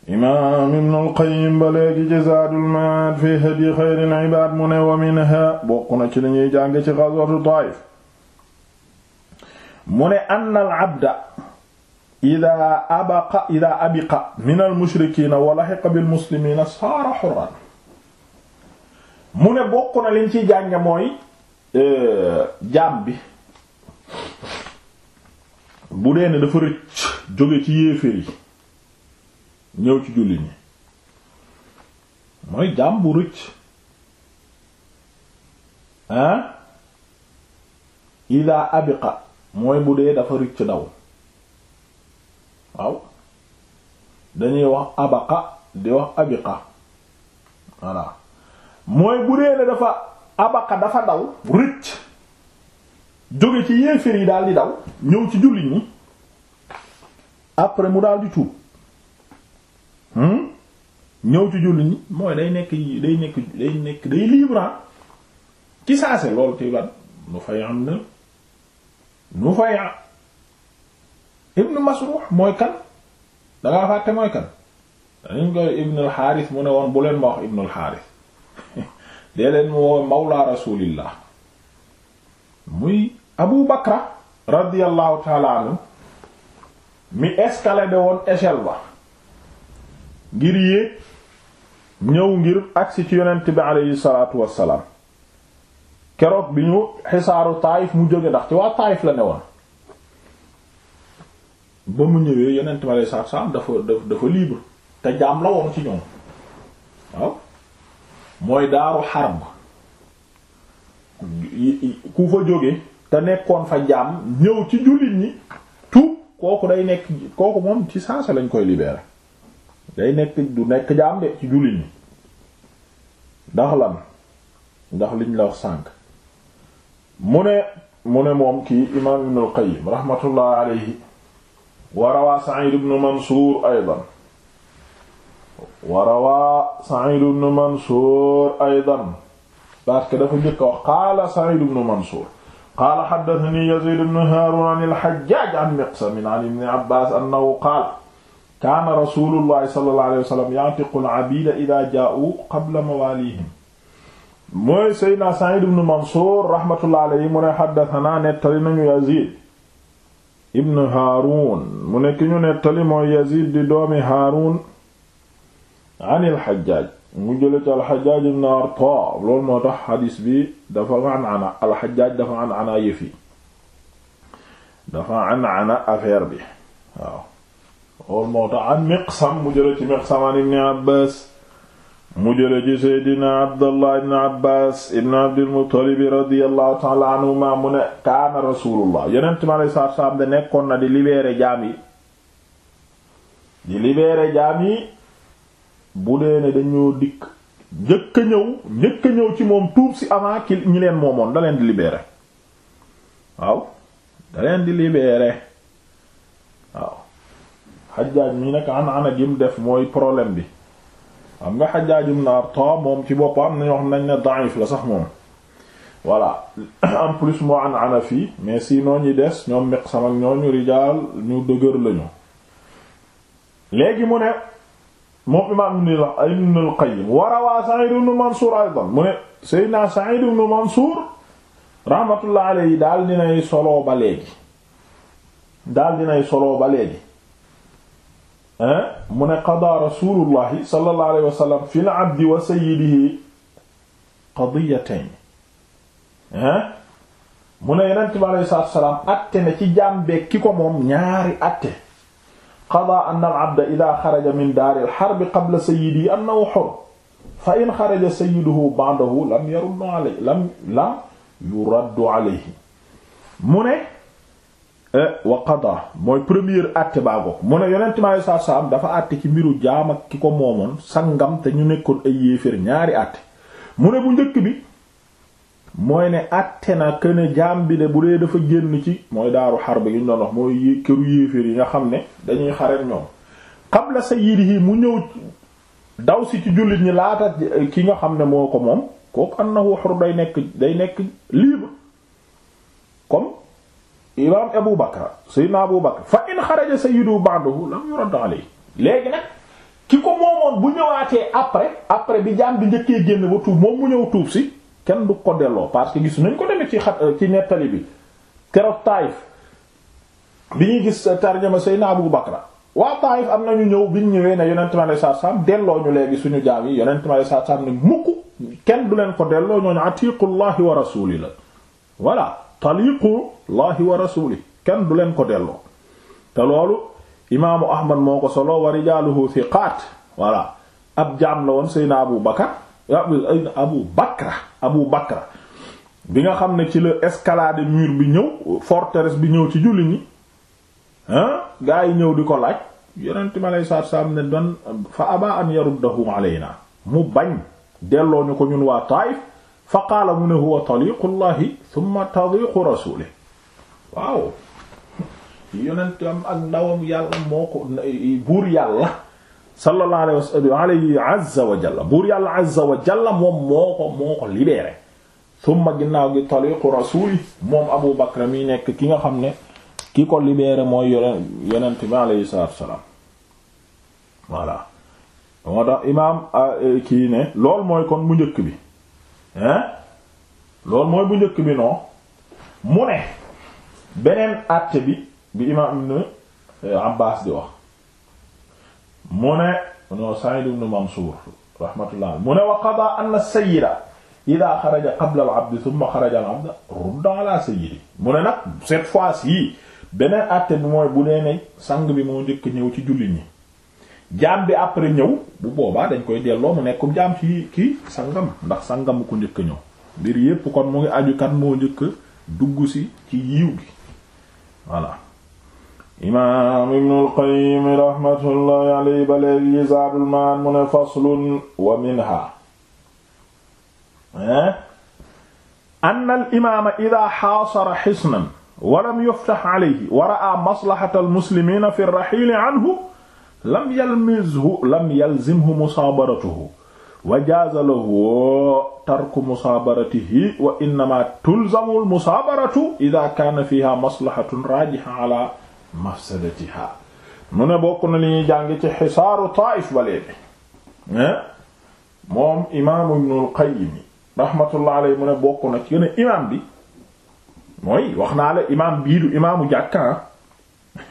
S1: imaam ibn al-Qayyim ba léegi ci Zaadul Ma'aad fi hadyi xayril ibaad mu ne wa minha bokk na ci li ñuy jàng ci ghazwatu Taayif mu ne anna al-abda idaa abaqa idaa abiqa min al saara hurran mu ne bokk na liñ ciy jànge mooy Euh, jaam bi bu dee ne dafa rëcc jóge ci yéeféer yi ñëw ci julli ñi mooy jaam bu rëcc ah ida abiqa mooy bu dee dafa rëcc daw waaw dañuy wax abaqa di wax abiqa voilà mooy bu dee ne dafa abaqa dafa daw rëcc jóge ci yéeféer yi daal di daw ñëw ci jullit ñi après mu daal di tuub hmm? ñëw ci jullit ñi mooy day nekk day nekk day nekk day libre ah. ci loolu ci nu fay am na nu fay am ibnu masruux mooy kan dangaa fàtte mooy kan dañu koy ibnu alxaaris mu ne woon bu leen ma wax ibnu alxaaris dee leen woo mawla rasulillah muy abu bakra radiallahu taala anhu mi escalade woon échelle ba ngir yéeg ñëw ngir agsi ci yonent bi aleyhi salaatu wassalaam keroog bi ñu xisaaru taayif mu jóge ndax ci waa taayif la ne woon ba mu ñëwee yonent bi aleyhi salaatu wassalaam dafa dafa libre te jaam la woon ci ñoom waaw mooy daaru xarb ku fa jóge te nekkoon fa jaam ñëw ci jullit ñi tuub kooku day nekk kooku moom ci saasa lañ koy libéré day nekk du nekk jaam de ci jullit ñi ndax lan ndax liñ la wax sànq mu ne mu ne moom kii imaam ibn al qayyim rahmatullah alayhi wa rawaa sa'id ibn mansur aydan wa rawaa Sa'id ibn Mansuur aydan parce que dafa njëkk a wax qaala Sa'id ibn Mansuur qaala haddathanii Yaziid ibn Haaruun an al-Hajjaaj an Miqsam an ibn Abbaas annahu qaala kaana rasuulullaahi sallallaahu alayhi wa sallam ya'tiqu al-'abiida idhaa jaa'uu qabla mawaaliihim mooy Seydina Sa'id ibn Mansuur rahmatullahi alayhi mu ne haddathanaa nettali nañu Yaziid ibn Haaruun mu ne ki ñu nettali mooy Yaziid di doomi Haaruun an al-Hajjaj mu jële ci al-Hajjaj ibn Arta loolu moo tax xadis bi dafa an ana al-Hajjaj dafa an ana yëf yi dafa an ana affaire bi waaw loolu moo tax an Miqsam mu jële ci Miqsam an ibn Abbas mu jële ci Seydina Abdallah ibn Abbas ibn Abdul Muttalib radiyallahu ta'ala anhuma mu ne kaana Rasulullah Yonent mi alayhi salaatu wa salaam de nekkoon na di libérer jaam yi di libérer jaam yi bu dee ne dañoo dikk njëkk ñëw njëkk a ñëw ci moom tuub si avant ki ñi leen moomoon da leen di libéré waaw da leen di libéré waaw xajaaj mi nag an ana gim def mooy problème bi xam nga xajaajum naar to moom ci boppam nañu wax nañ ne da'if la sax moom voilà en plus moo an ana fii mais sinon ñi des ñoom miq sam ak ñu rijaal ñu dëgër lañu léegi mu ne moom imaam ibn al-Qayyim wa rawaa Sa'id ibn Mansuur aydan mu ne Seydina Sa'id ibn Mansuur rahmatullah alayhi daal dinay soloo ba léegi daal dinay soloo ba léegi mu ne qadaa rasuulullahi sallallahu alayhi wa sallam fil abdi wa sayyidihi qadiyatayn mu ne yonent bi alayhi salaatu wa salaam atte na ci jaam beek ki ko moom ñaari atte qadaa anna al-abda idaa xaraja min daari al-harbi qabla sayyidihi annahu hur fa in xaraja sayyiduhu ba'dahu lam yaruddu alayhi lam lam yuraddu alayhi mu ne e, wa qadaa mooy première àtte baago mu ne yonent mi alayhi salaatu salaam dafa àtte ci mbiru jaam ak ki ko moomoon sangam te ñu nekkoon ay yéeféer ñaari àtte mu ne bu njëkk bi mooy ne àtte na que ne jaam bi de bu dee dafa génn ci mooy daaru xarb gi ñu doon wax mooy këru yéeféer yi nga xam ne dañuy xareet ñoom qabla sayyidihi mu ñëw daw si ci jullit ñi laata ki nga xam ne moo ko moom kooku annahu xur day nekk day nekk libre comme imam Abu Bakr sayyidina Abu Bakr fa in xaraja sayyidu ba'dahu lam yurad alayhi léegi nag ki ko moomoon bu ñëwaatee après après bi jaam bi njëkkee génn ba tuub moom mu ñëw tuub si kenn du ko delloo parce que gis nañ ko tamit ci ci nettali bi keroog Taïf bi ñuy gis tarjama Seydina Abu Bakra waa Taïf am nañu ñëw biñ ñëwee ne yonent mi alayhi salaatu salaam delloo ñu léegi suñu jaam yi yonent mi alayhi mukk kenn du leen ko delloo ñooñu atiqullahi wa rasuli la voilà taliqullahi wa rasuli kenn du leen ko delloo te loolu imaamu Ahmad moo ko solo wa rijaaluhu thiqaat voilà ab jaam la woon Seydina Abu Bakar abu bakra abu bakra bi nga xam ne ci la escalade mur bi ñëw forteresse bi ñëw ci julli ñi ah gaa yi ñëw di ko laaj yonent mi aleyhi salaatu salaam ne doon fa aba an yaruddahu aleyna mu bañ delloo ñu ko ñun waa Taayif fa qaala mu ne huwa taliqullahi thumma tadiqu rasulih waaw yonentam ak ndawam yàlla moo ko buur yàlla sallallahu alayhi azza wa jalla buur yàlla azza wa jalla moom moo ko moo ko libéré summa ginnaaw gi taliqu rasuli moom Abu Bakr mi nekk ki nga xam ne ki ko libéré mooy yonent bi alayhi salaatu wa salaam voilà moo tax imaam e, kii ne loolu mooy kon bu njëkk bi hein mooy bu njëkk bi non mu ne beneen àtte bi bi imaam Ibn Abbaas di wax mu ne no Sa'id ibn Mansur rahmatullah mu ne wa qada anna sayyida ida xaraja qabla al-abd thumma xaraja al-abd rudda ala sayyidi mu ne nag cette fois-ci beneen àtte bi mooy bu nee ne sang bi moo njëkk ñëw ci jullit ñi jaam bi après ñëw bu boobaa dañ koy delloo mu nekkum jaam ci kii sangam ndax sangam ko njëkk ñëw mbir yépp kon mu ngi aju kan moo njëkk dugg si ci yiw gi voilà imaam ibnul qayyim raxmatullahi alayhi ba léegi yi zaadul maan mu ne faslun wa minha eh? anna al imaama idaa xaasara xisnan wa lam yuftax alayhi wa ra'aa maslaxata almuslimiina fi raxiili anhu lam yalmizhu lam yalzimhu musaabaratuhu wa jaaza lahu tarku musaabaratihi wa innamaa tulzamul musaabaratu idaa kaana fiihaa maslaxatun raajixa alaa mafsadatiha mu ne bokk na li jàng ci xisaaru Taif balee bi moom imaamu Ibnul Qayyim rahmatullah alayhi mu na ci gën imaam bi mooy wax naa la imaam bii du imaamu jàkka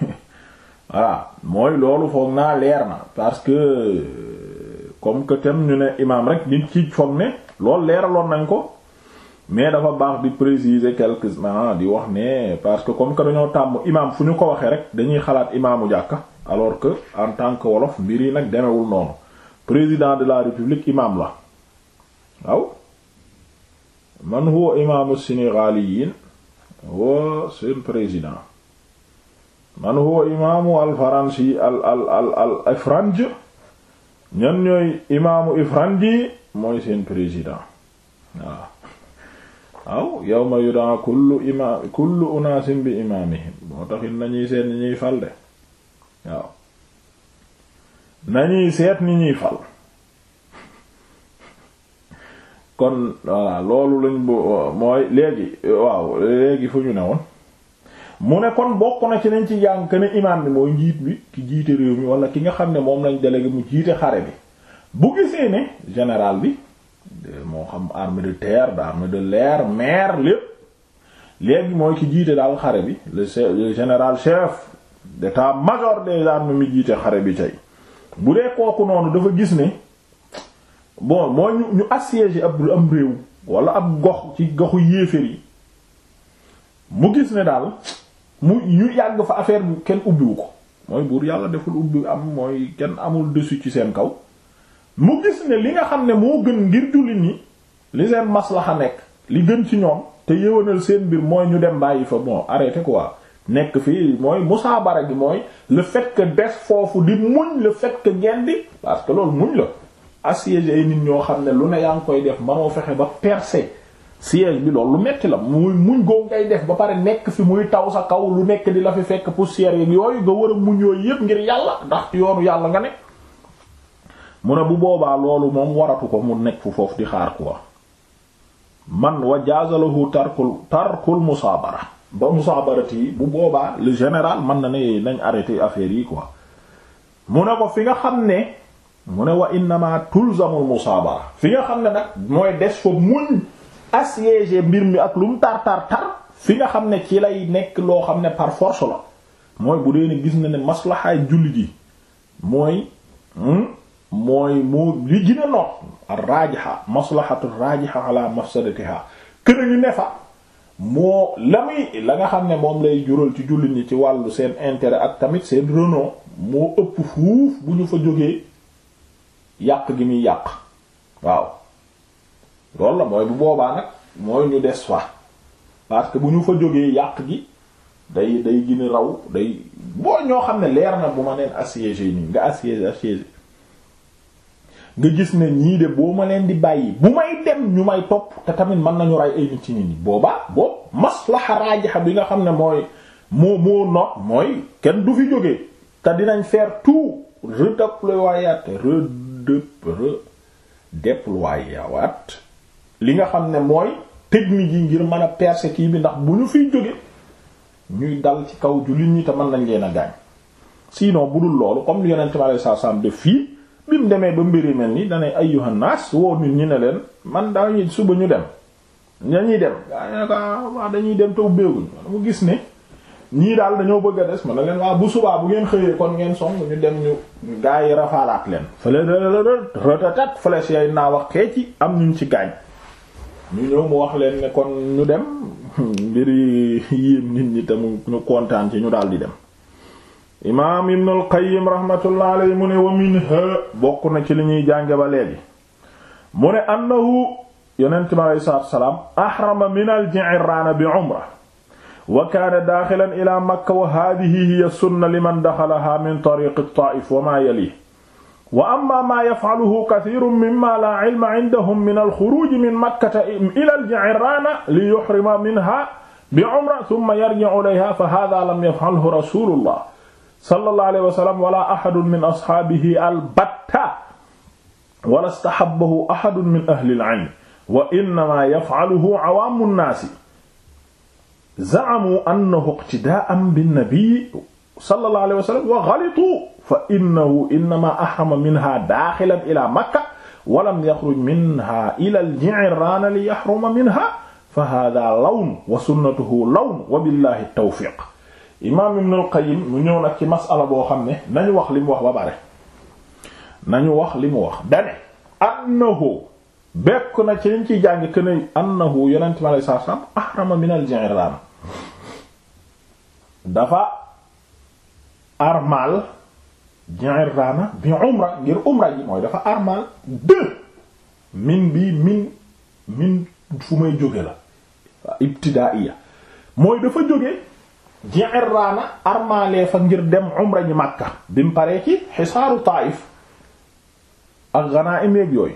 S1: voilà mooy loolu foog naa leer na parce que euh, comme que tam ñu ne imaam rek bi ci foog ne loolu leeraloon nañ ko mais dafa baax di préciser quelques ma ah, di wax ne parce que comme que dañoo tàmm imaam fu ñu ko waxee rek dañuy xalaat imaamu jàkka alors que en tant que wolof mbir yi nag demewul noonu président de la république imaam la waaw man huwa imaamu sénégaliyin huwa seen président man huwa imaamu al faransi al al al al ifranj ñooy imaamu ifranji mooy seen président waaw waaw yawma yudaa kullu imaam kullu unaasin bi imaamihim moo taxit nañuy seet ni ñuy fal de waaw nañuy seet ni ñuy fal kon voilà loolu lañ bo mooy léegi waaw léegi fu ñu ne woon mu ne kon bokk na ci nañ ci jàng ne imaam bi mooy njiit bi ki jiite réew mi wala ki nga xam ne moom lañ délégué mu jiite xare bi bu gisee ne général bi moo xam armée de terre d'armée de leer mer lépp léegi mooy ki jiite daal xare bi le général chef d'état-major des armées mi jiite xare bi tey bu dee kooku noonu dafa gis ne bon mooy ñu assiege assiéger ab am réew wala ab gox ci goxu yéeféer yi mu gis ne daal mu yu yàgg fa affaire bu kenn ubbiwu ko mooy buur yàlla deful ubbi am mooy kenn amul dessus ci seen kaw mu gis ne li nga xam ne moo gën ngir jullit ñi li seen maslaxa nekk li gën ci ñoom te yëwanal seen mbir mooy ñu dem bàyyi fa bon arrêté quoi nekk fi mooy musaabara gi mooy le fait que foofu di muñ le fait que ngeen di que loolu muñ la assiéger ay nit ñoo xam ne lu ne yaa ngi koy def manoo fexe ba percer siège bi loolu lu metti la muy muñ googu ngay def ba pare nekk fi muy taw sa kaw lu nekk di la fi fekk poussière yooyu nga war a muñ yooyu yëpp ngir yàlla ndax yoonu yàlla nga ne mu ne bu boobaa loolu moom waratu ko mu nekk fu foofu di xaar quoi man wa jaazalahu tarkul tarkul musaabara ba musaabarati bu boobaa le général man na ne nañ arrêté affaire yi quoi mu ne ko fi nga xam ne mu ne wa innama tulzamul musaabara fi nga xam ne nag mooy des fa muñ assiégé mbir mi ak lu mu tar tar tar fi nga xam ne ci lay nekk loo xam ne par force la mooy bu dee ne gis na ne maslahaay jullit yi mooy hmm, mooy moo li gën a noot ar-rajiha maslahatu rajiha ala mafsadatiha kër ñu ne fa moo la muy la nga xam ne moom lay jural ci jullit ñi ci wàllu seen intérêt ak tamit seen renom moo ëpp fuuf bu ñu fa jógee yàq gi muy yàq waaw loolu la mooy bu boobaa nag mooy ñu des fa parce que bu ñu fa jógee yàq gi day day gën a raw day boo ñoo xam ne leer na bu ma neen assiégé nii nga assiégé assiégé nga gis ne ñii de boo ma leen di bàyyi bu may dem ñu may topp te tamit mën nañu rey ay nit ci nit ñi boobaa boobu maslaha rajiha bi nga xam ne mooy moo moo not mooy kenn du fi jóge te dinañ faire tout redéployaat redéployaat li nga xam ne mooy technique yi ngir mën a percer kii bi ndax bu ñu fiy jóge ñuy dal ci kaw jullit ñi te mën nañ leen a gaañ sinon bu dul loolu comme li yonent bi sallallahu alayhi def fii bi mu demee ba mbiri mel nii danay ay nas woo nit ñi ne leen man daa ñuy suba ñu dem dañuy dem gaa yi ne ko ah, wax dañuy dem te ubbeewuñ mu gis ne ñii daal dañoo bëgg a des ma ne leen waaw bu subaa bu ngeen xëyee kon ngeen song ñu dem ñu gaa yi rafaalaat leen fële ratatat naa wax xeeci am ñun ci gaañ ñu ñëw mu wax leen ne kon ñu dem mbiri yéem nit ñi te mu ñu kontaan ci ñu daal di dem imaam ibn al qayyim rahmatullah alayhi mu ne wa minha bokk na ci li ñuy jànge ba léegi mu ne annahu yonent mi alayhi salaatu wa salaam ahrama min al ji'rana bi umra wa kaana daaxilan ila makka wa haadihi hiya sunna liman daxalaha min tariiqi at-taa'if wa maa yalihi wa amma maa yaf'aluhu kathiirun mimmaa laa ilma indahum min al-xuruuji min makkata ila al-ji'raana li yuhrima minhaa bi umra thumma yarji'u ilayhaa fa haadaa lam yaf'alhu rasuulullah sallallahu alayhi wa sallam wala ahadun min ashaabihi albatta wala stahabbahu ahadun min ahli al-ilm wa innama yaf'aluhu awaamu nnaasi za'amu annahu iqtidaa'an bin-nabi sallallahu alayhi wa sallam wa ghalitu fa innahu innama ahrama minha daaxilan ila makka wa lam yaxruj minha ila al-ji'raana li yahruma minha fa haadha lawn wa sunnatuhu lawn wa billahi at-tawfiiq imaam Ibn al-Qayyim mu ñëw nag ci masala boo xam ne nañu wax li mu wax ba pare nañu wax li mu wax dane annahu bekk na ci liñ ci jàng que ne annahu yonent mi alayhi salaam ahrama min al-ji'raan dafa armal ji'raana bi umra ngir umra ji mooy dafa armal de min bi min min fu may jóge la ibtidaaiya mooy dafa jóge Ji'irraana armaale fa ngir dem umra ji Makka bi mu paree ci xisaaru Taayif ak ghanaa'im yooyu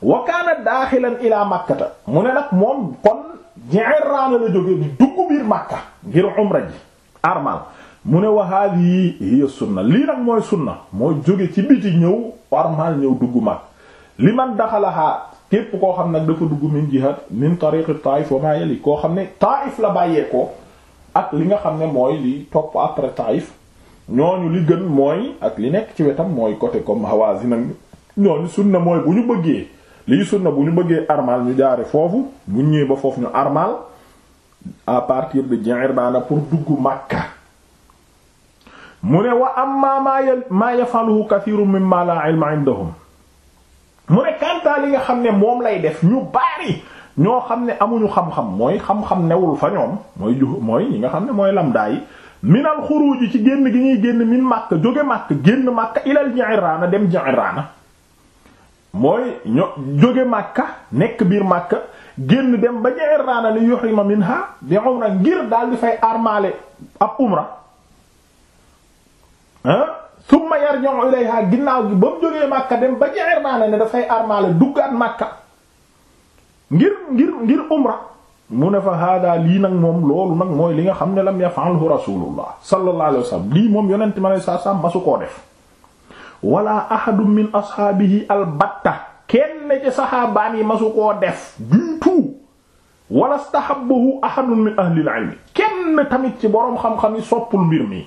S1: wa kaana daaxilan ilaa Makkata mu ne nag moom kon Ji'irraana la jógee dugg biir Makka ngir umra ji armaal mu ne wa haadihi hiya sunna lii nag mooy sunna mooy jóge ci biti ñëw armaal ñëw dugg Makka li man daxalahaa képp koo xam nag dafa dugg min jihaad min tariiqi Taayif wa maa yali koo xam ne Taayif la bàyyeekoo. ak li nga xam ne mooy li topp après Taïf ñooñu li gën mooy ak li nekk ci wetam mooy côté comme Hawazin nag ñooñu sunna mooy bu ñu bëggee lii sunna bu ñu bëggee armal ñu jaare foofu bu ñëwee ba foofu ñu armal à partir de Dji'irrânah pour duggu Makka mu ne wa amma ma maa yafaluhu kathirun mimma la ilma indahum mu ne kantaa li nga xam ne moom lay def ñu bari ñoo xam ne amuñu xam-xam mooy xam-xam newul fa ñoom mooy ju mooy yi nga xam ne mooy lamdaa yi minal xuruuj ci génn gi ñuy génn min Makka jóge Makka génn Makka ilal Ji'irraana dem Ji'irraana mooy ño jóge Makka nekk biir Makka génn dem ba Ji'irraana li yuhrima minha bi umra ngir daal di fay armaale ab umra ah summa yarji'u ilayha ginnaaw gi ba mu jógee Makka dem ba Ji'irraana ne dafay armaale duggaat Makka ngir ngir ngir umra mu ne fa hada lii nag moom loolu nag mooy li nga xam ne lam yaf'alhu rasulullah sallallahu sallam lii moom yonent ma ne saa saa masu koo def wala ahadun min ashaabihi albatta kenn ci saxaabaan yi masu koo def du tout wala stahabbahu min ahlil ilmi kenn tamit ci boroom xam-xam yi soppul mbir mi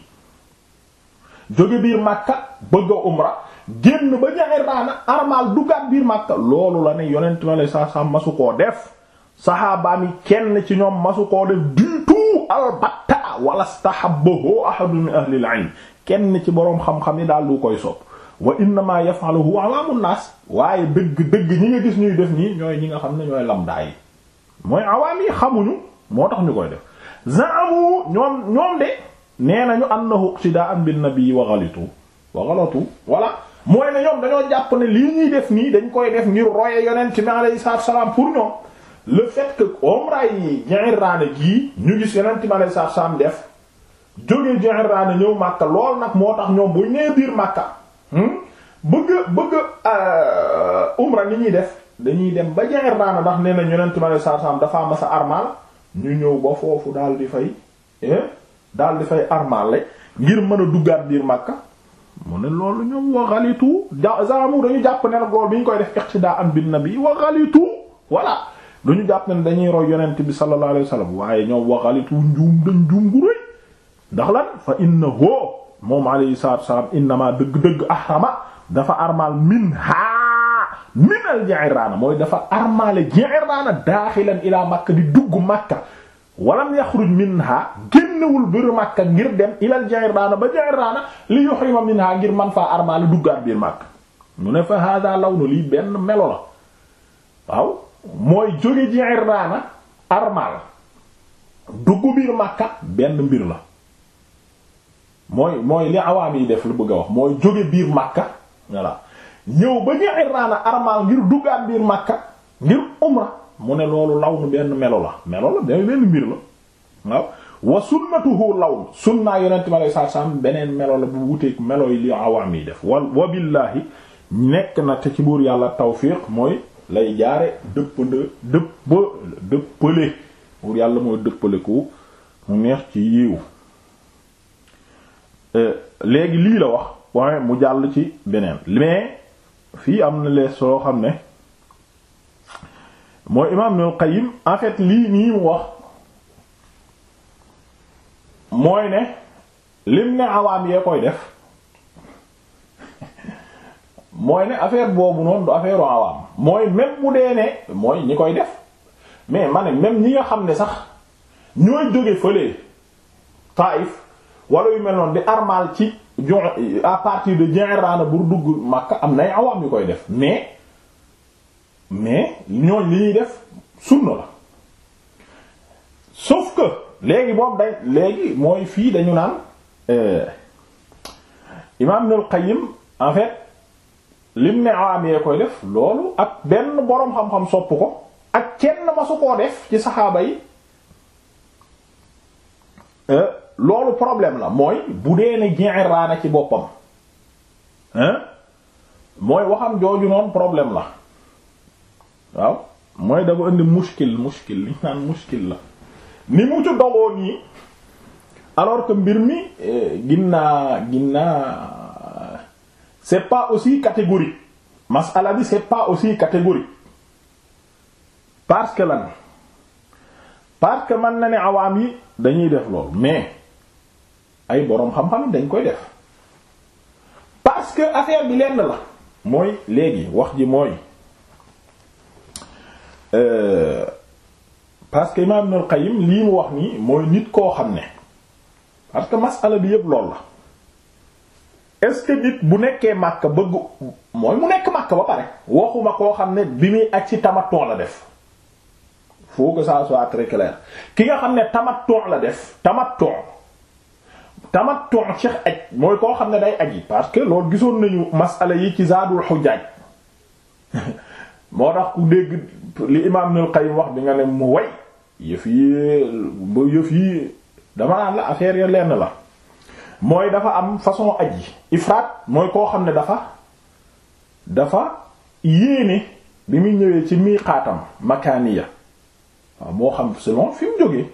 S1: jóge biir Makka bëgg a génn ba Ji'irraana armal duggaat biir Makka loolu la ne yonent ma lay saa saa masu koo def saxaabaam yi kenn ci ñoom masu koo def du tout albatta wala stahabbahu ahadun min ahlil ilm kenn ci boroom xam-xam yi daal lu koy sopp wa innama yaf'aluhu awaamu naas waaye dëgg dëgg ñi nga gis ñuy def nii ñooy ñi nga xam ne ñooy lamdaa mooy awaam yi xamuñu moo tax ñu koy def zaamu ñoom ñoom de nee nañu annahu iqtida'an bin nabi wa ghalitu wa ghalatu wala mooy ne ñoom dañoo jàpp ne lii ñuy def nii dañ koy def ngir roye yonent bi alayhi salaatu salaam pour ñoom le fait que umra yi Ji'irraana gii ñu gis yonent bi alayhi salaatu def jógee Ji'irraana ñëw Makka lool nag moo tax ñoom bu ñëwee biir Makka hmm? bëgg bëgg euh, umra ni ñuy def dañuy dem ba Ji'irraana ndax nee na yonent bi alayhi salaatu salaam dafa armal ñu ñëw ba foofu daal di fay eh? daal di fay armal ngir mën a duggaat biir Makka. mu ne loolu ñoom wa ghalitu zaamu dañu jàpp ne la gool bi ñu koy def iqtida'an bin nabi wa ghalitu voilà lu ñu jàpp ne dañuy roy yonent bi sallallahu alayhi wasallam waaye ñoom wa ghalitu njuum dañ njuum gu rëy ndax lan fa innahu moom alayhi salaatu wasallam innama dëgg-dëgg ahrama dafa armal minha minal Ji'irraana mooy dafa armaale Ji'irraana daaxilan ilaa Makka di dugg Makka walam yaxruj minha génnewul biir Makka ngir dem ilal Ji'irraana ba Ji'irraana li yuhrima minha ngir man faa armaale duggaat biir Makka mu ne fa hada lawnu lii benn melo la waaw mooy jóge Ji'irraana armaal dugg biir Makka benn mbir la mooy mooy li awaam yi def lu bëgg a wax mooy jóge biir Makka voilà ñëw ba Ji'irraana armaal ngir duggaat biir Makka ngir umra mu ne loolu law nu benn melo la melo la day benn mbir la waaw wa sunnatuhu lawn sunnaa yonent mi alei satu salaam beneen melo la bu wuteeg melo yi li awaam yi def wa wa billaahi nekk na te ci buur yàlla tawfiq mooy lay jaare dëppanda dëpp dëppale buur yàlla mooy dëppale ku mu neex ci yiw euh, léegi lii la wax waaye mu jàll ci beneen mais fii am na lees soo xam ne mooy imaam Ibnul Qayyim en fait lii nii mu wax mooy ne lim ne awaam yee koy def mooy ne affaire boobu noonu du affaire awaam mooy même bu dee ne mooy ñi koy def mais ma ne même ñi nga xam ne sax ñooy jóge fële Taïf walla yu mel noonu di armal ci à partir de Ji'rana pour dugg Makka am nay awaam yu koy def mais. mais ñooñ li ñuy def sunna la sauf que léegi boobu day léegi mooy fii dañu naan euh, imaam Ibnul Qayyim en fait lim ne awamee koy def loolu ak benn boroom xam-xam sopp ko ak kenn masu koo def ci saxaaba yi euh, loolu problème la mooy bu dee ne Ji'irraana ci boppam mooy waxam jooju noonu problème la waaw mooy dafa indi mushkil mushkil liñ naan mushkil la ni mu ci dogoo nii alors que mbir mi eh, ginnaa ginnaa c'est pas aussi catégorique masala bi c'est pas aussi catégorique parce que lan parce que mën na ne awaam yi dañuy def lool mais ay boroom xam-xam dañ koy def parce que affaire bi lenn la mooy léegi wax ji mooy Euh, parce que imaam Ibnul Qayyim lii mu wax nii mooy nit koo xam ne parce que masala bi yëpp lool la est-ce que nit bu nekkee Makka bëgg mooy mu nekk Makka ba pare waxuma koo xam ne bi muy aj ci tamattu la def faut que ça ki nga xam ne tamattu la def tamattu tamattu ci aj mooy koo xam ne day aji parce que loolu gisoon nañu masala yi ci Zaadul Hujjaaj moo tax ku dégg li imaam Ibnul Qayyim wax bi nga ne mu way yëf yi ba yëf yi dama naan la affaire ya lenn la mooy dafa am façon aj yi ifraat mooy koo xam ne dafa dafa yéene bi muy ñëwee ci miiqaatam makaaniya waaw moo xam selon fi mu jógee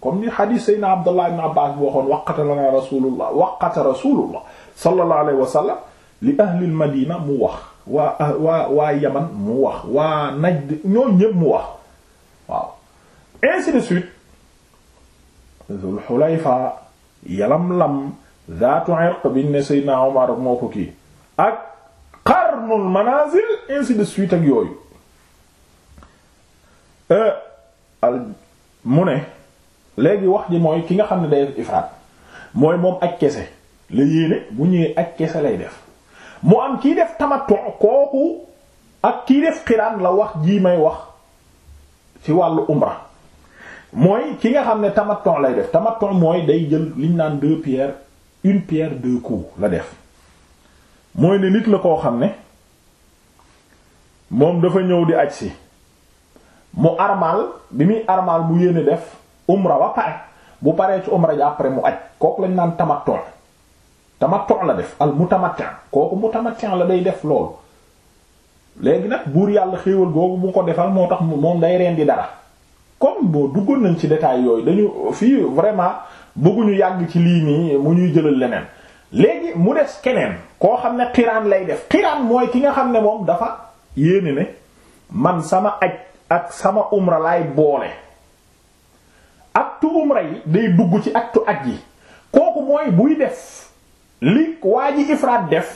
S1: comme ni xadiis Seydina Abdullah ibn Abbaas bu waxoon waqata lana rasulullah waqata rasulullah sallallahu alayhi wa li ahlil madina mu wax waa ah, waa waa yaman mu wax waa Najd ñoom ñépp mu wax waaw ainsi de suite Zul Xulayfa Yalamlam Zaatu Irq bi ne Seydina Omar moo ko kii ak Qarnul Manazil ainsi de ak yooyu euh, mu ne léegi wax ji mooy ki nga xam ne day def ifraat mooy moom ak kese la yéene bu ñëwee ak kese lay def mu am ci def tamattu kooku ak kii def xiraan la wax jii may wax ci wàllu umra mooy ki nga xam ne tamattu lay def tamattu mooy day jël liñ naan deux pierres une pierre deux coups la def mooy ne nit la koo xam ne moom dafa ñëw di aj si mu armal bi muy armal mu yéene def umra ba pare bu paree ci umra ji après mu aj kooku lañ naan tamattu tamattu la def al mutamatti kooku mutamatti la day def loolu léegi nag buur yàlla xéewal googu bu ko defal moo tax moom day di dara comme boo duggoon nañ ci détail yooyu dañu fii vraiment bëgguñu yàgg ci lii nii mu ñuy jëlal leneen léegi mu des keneen koo xam ne xiraan lay def xiraan mooy ki nga xam ne moom dafa yéene ne man sama aj ak sama umra laay boole aktu umra yi day dugg ci aktu aj yi kooku mooy buy def li waa ji ifraat def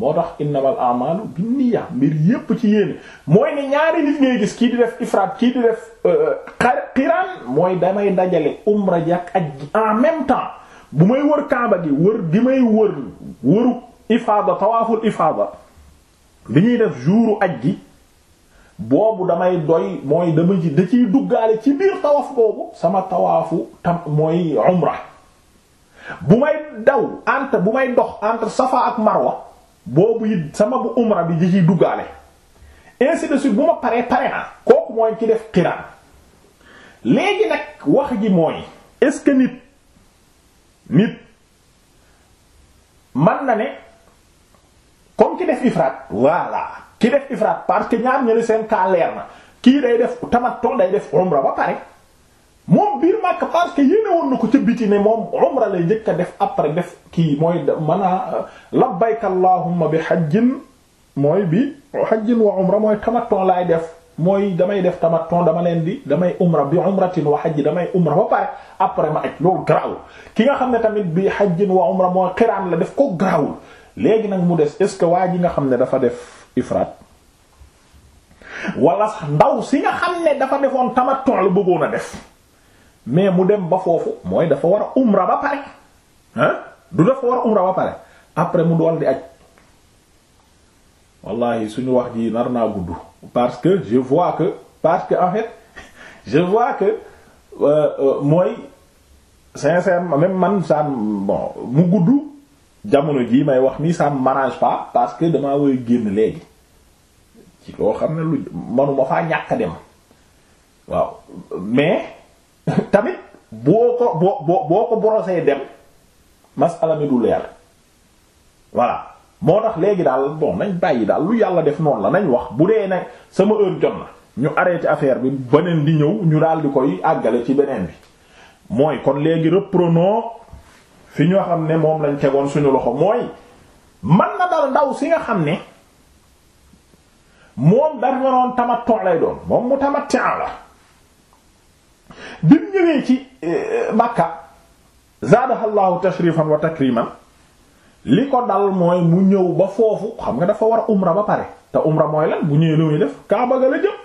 S1: moo tax innamal a'malu binniya mbir yépp ci yéene mooy ne ñaari nit ngay gis kii di def ifraat kii di def euh, xiraan mooy damay dajale umra ji ak aj gi en même temps bu may wër kaaba gi wër di may wër wëru ifaada tawaaful ifaada bi ñuy def jouru aj gi boobu damay doy mooy dama ci da duggaale ci biir tawaaf boobu sama tawaafu tam mooy umra bu may daw entre bu may dox entre Safa ak Marwa boobu it sama bu umra bi di ciy duggaale ainsi bu ma paree pare naa kooku mooy ci def xiraan léegi nag wax ji mooy est-ce que nit man na ne comme ki def ifraat voilà ki def ifraat parce que ñaar ñëli seen kaa na kii day def tamattu day def umra ba pare moom biir Makka parce que yéene woon na ko ca biti ne moom umra lay njëkk a def après def kii mooy man a euh, labbayka allahumma bi hajjin mooy bi hajjin wa umra mooy tamattu laay def mooy damay def tamattu dama leen di damay umra bi umratin wa hajj damay umra ba pare après ma aj loolu garaawul ki nga xam ne tamit bi hajjin wa umra mooy xiraan la def ko garaawul léegi nag mu des est-ce que waa ji nga xam ne dafa def ifraat wala ndaw si nga xam ne dafa defoon tamattu la bëggoon a def mais mu dem ba foofu mooy dafa war a umra ba pare ah du dafa war a umra ba pare après mu dool di aj wallahi suñu wax ji nar naa gudd parce que je vois que parce que en fait je vois que euh, euh, mooy sincèrement même man ça mu gudd jamono jii may wax nii ça ne m'arrange parce que damaa war génn léegi ci loo xam ne lu manuma faa ñàkk dem waaw mais tamit boo ko boo boo boo ko brosser dem masala mi du leer voilà moo tax léegi daal bon nañ bàyyi daal lu yàlla def noonu la nañ wax bu dee nag sama heure jot na ñu arrêté affaire bi beneen di ñëw ñu daal di koy àggale ci beneen bi mooy kon léegi reprenons fi ñu xam ne moom lañ tegoon suñu loxo mooy man na dal ndaw si nga xam ne moom daf ñoroon tamattu lay doon moom mu tamattu la bi mu ñëwee ci euh, Makka zaadahallahu tashrifan wa takriman li ko dal mooy mu ñëw ba foofu xam nga dafa war a umra ba pare te umra mooy lan bu ñëwee lu muy def Kaaba ga la jëm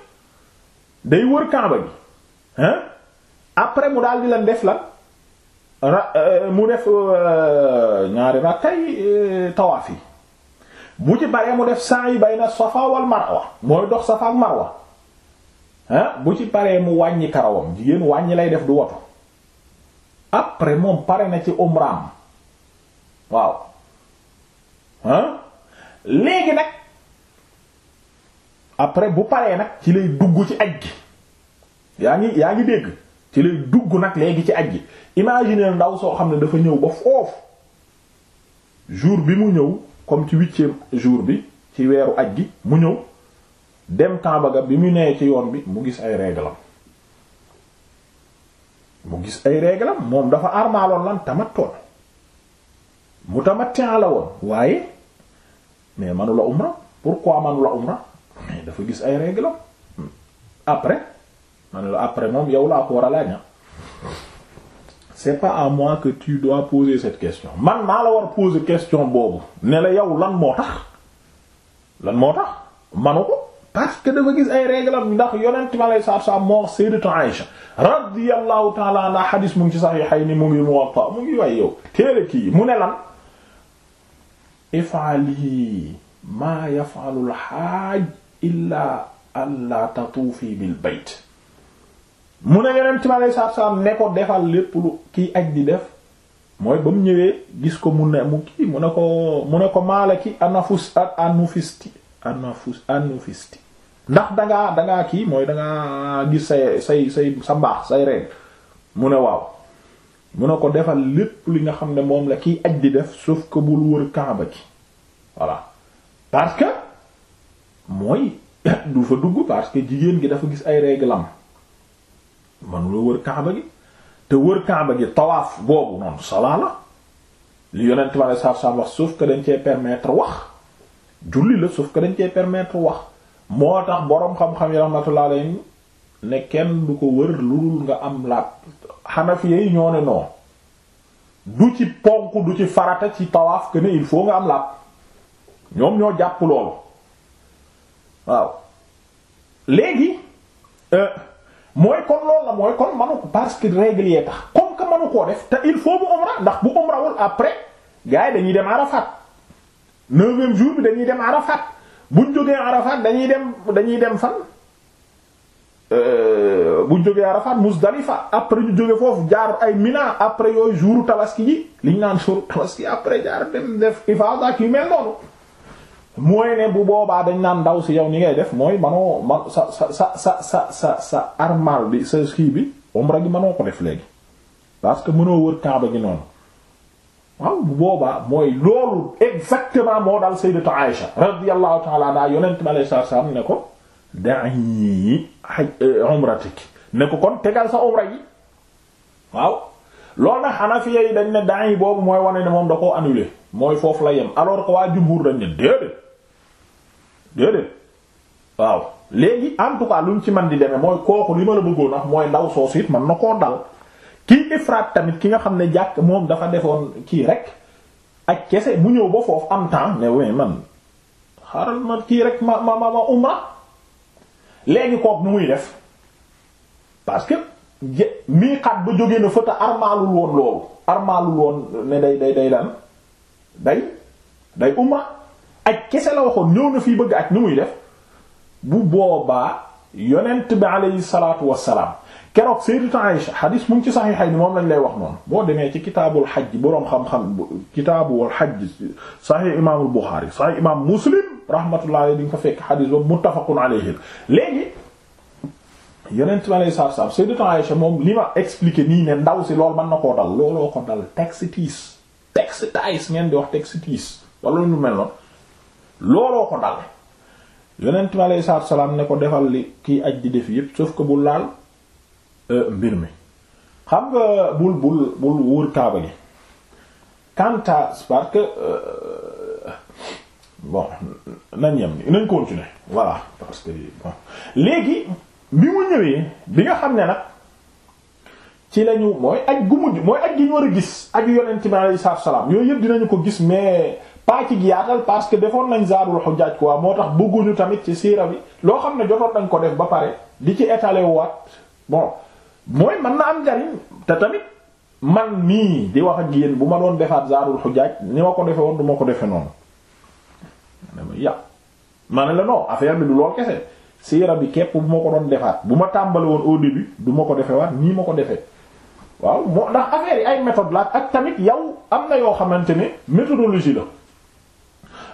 S1: day wër Kaaba gi après mu daal di lan def lan ra euh, mu def euh, ñaari rakkay tawaaf yi bu ci baree mu def sa'i bayna safa wal marwa mooy dox safa ak ah bu ci paree mu wàññi karawam jigéen wàññi lay def du woto après moom pare na ci umraam waaw ah léegi nag après bu paree nag ci lay dugg ci aj gi yaa ngi yaa ngi dégg ci lay dugg nag léegi ci aj gi imaginer ndaw soo xam ne dafa ñëw ba foofu jour bi mu ñëw comme ci huitième jour bi ci weeru aj gi mu ñëw dem Kaaba ga bi mu nee ci yoon bi mu gis ay réglam mu gis ay réglam moom dafa armaaloon lan tamattoon mu tamattin la woon waaye mais manula umra pourquoi manula umra mais dafa gis ay réglam après man la après moom yow laa ko war a laaj c'est pas à moi que tu dois poser cette question man maa la war poser question boobu ne la yow lan moo tax lan moo tax manu ko parce que dafa gis ay réglam ndax yonent mi alayhi salaatu moo wax sayyidatu Aïsha radiyallahu ta'ala anha xadis mu ngi ci Sahihayni mu ngi Muwatta mu ngi way yow téere kii mu ne lan if'ali maa yaf'alu mu ne yonent mi alayhi salaatu ne ko defal lépp lu kii aj di def mooy ba mu ñëwee gis ko mu ne mu kii mu ne ko mu ne ko maalaki ndax dangaa dangaa kii mooy dangaa gis say say say sa mbaax say reen mu ne waaw mu ne ko defal lépp li nga xam ne moom la kiy aj di def suuf ko bul wër kaaba gi voilà parce que mooy du fa dugg parce que jigéen gi dafa gis ay réglam manula wër kaaba gi te wër kaaba gi tawaaf boobu noonu salaa la li yonent ma ne saaf saaf wax sauf que dañ cee permettre wax julli la suuf que dañ cee permettre wax moo tax boroom xam-xam yi rahmatullah alayhim ne kenn du ko wër lu nga am laab Hanafi yi ñoo ne non du ci ponk du ci farata ci tawaaf que ne il faut nga am laab ñoom ñoo jàpp loolu waaw léegi euh, mooy kon loolu la mooy kon manu ko parce que règle yee tax comme que manu koo def te il faut bu umra ndax bu umrawul après gars yi dañuy dem Arafat neuvième jour bi dañuy dem Arafat bu jógee Arafat dañuy dem dañuy dem fan euh, buñ jógee Arafat Muzdalifa après ñu jóge foofu jaar ay Mina après yooyu jour tabaski ji liñ naan jour tabaski après jaar dem def ifada ak yu mel noonu mooy bu boobaa dañ naan ndaw si yow ni ngay def mooy manoo man sa sa sa sa sa sa armal bi sa ski bi umra gi manoo ko def léegi parce que mënoo wër Kaaba gi noonu waaw boobaa mooy loolu exactement moo daal sayyidatu Aïsha radiyallahu ta'ala anha yonent bi alayhi salaam ne ko da'i haj euh, umratik ne ko kon tegal sa umra yi waaw loolu nag Hanafiya yi dañ ne da'i boobu mooy wane ne moom da koo annulé mooy foofu la yem alors que waa jumhur dañ ne déedéet déedéet waaw léegi en tout cas luñ ci man di demee mooy kooku li ma la bëggoon wax mooy ndaw soosu man na koo dal kii ifraat tamit ki nga xam ne jàkk moom dafa defoon kii rek ak kese bu ñëw ba foofu am temps mais oui man xaaral ma kii rek ma ma ma umra léegi kook nu muy def parce que mii xat ba jóge na fëta armaalul woon loolu armaalul woon ne day day day dan day day umra ak kese la waxoon ñëw na fii bëgg ak nu muy def bu boobaa yonent bi aleyhi salaatu wassalaam keroog Sayyidatu Aïsha xadis mu ngi ci saxiixay ni moom lañ lay wax noonu boo demee ci kitaabul xajj boroom xam-xam kitaabul xajj saxiix imaamul Buxaari saxiix imaam Muslim rahmatullahi alayhi di nga fa fekk xadis boobu muttafaqun alayhi léegi yonent ma lay saar saar Sayyidatu Aïsha moom li ma expliqué nii ne ndaw si lool mën na koo dal looloo ko dal taxitis taxitis ngeen di wax taxitis wala lu mel noonu looloo ko dal yonent ma lay saar salaam ne ko defal li kii aj di def yépp sauf bu laal. Euh, mbir mi xam nga bul bul bul wóor kaaba gi quant à que euh, bon nañ yem ni nañ continuer voilà parce que bon léegi bi mu ñëwee bi nga xam ne nag ci lañu mooy aj gu mujj mooy aj gi ñu war a gis aju yonent bi alayhi salaam yooyu yëpp dinañu ko gis mais pas gi yaatal parce que defoon nañ zaarul xujjaaj quoi moo tax bëgguñu tamit ci siira bi loo xam ne jotoon nañ ko def ba pare di ci étaler waat bon mooy man na am njariñ te tamit man nii di wax ak yéen bu ma doon defaat zaarul xujaaj ni ma ko defe woon du ma ko defe noonu ya ma ne la non affaire bi du lool kese siira bi képp bu ma ko doon defaat bu ma tàmbali woon au bi du ma ko defe waat nii ma ko defee waaw moo ndax affaire yi ay méthode laaj ak tamit yow am na yoo xamante ne méthodologie la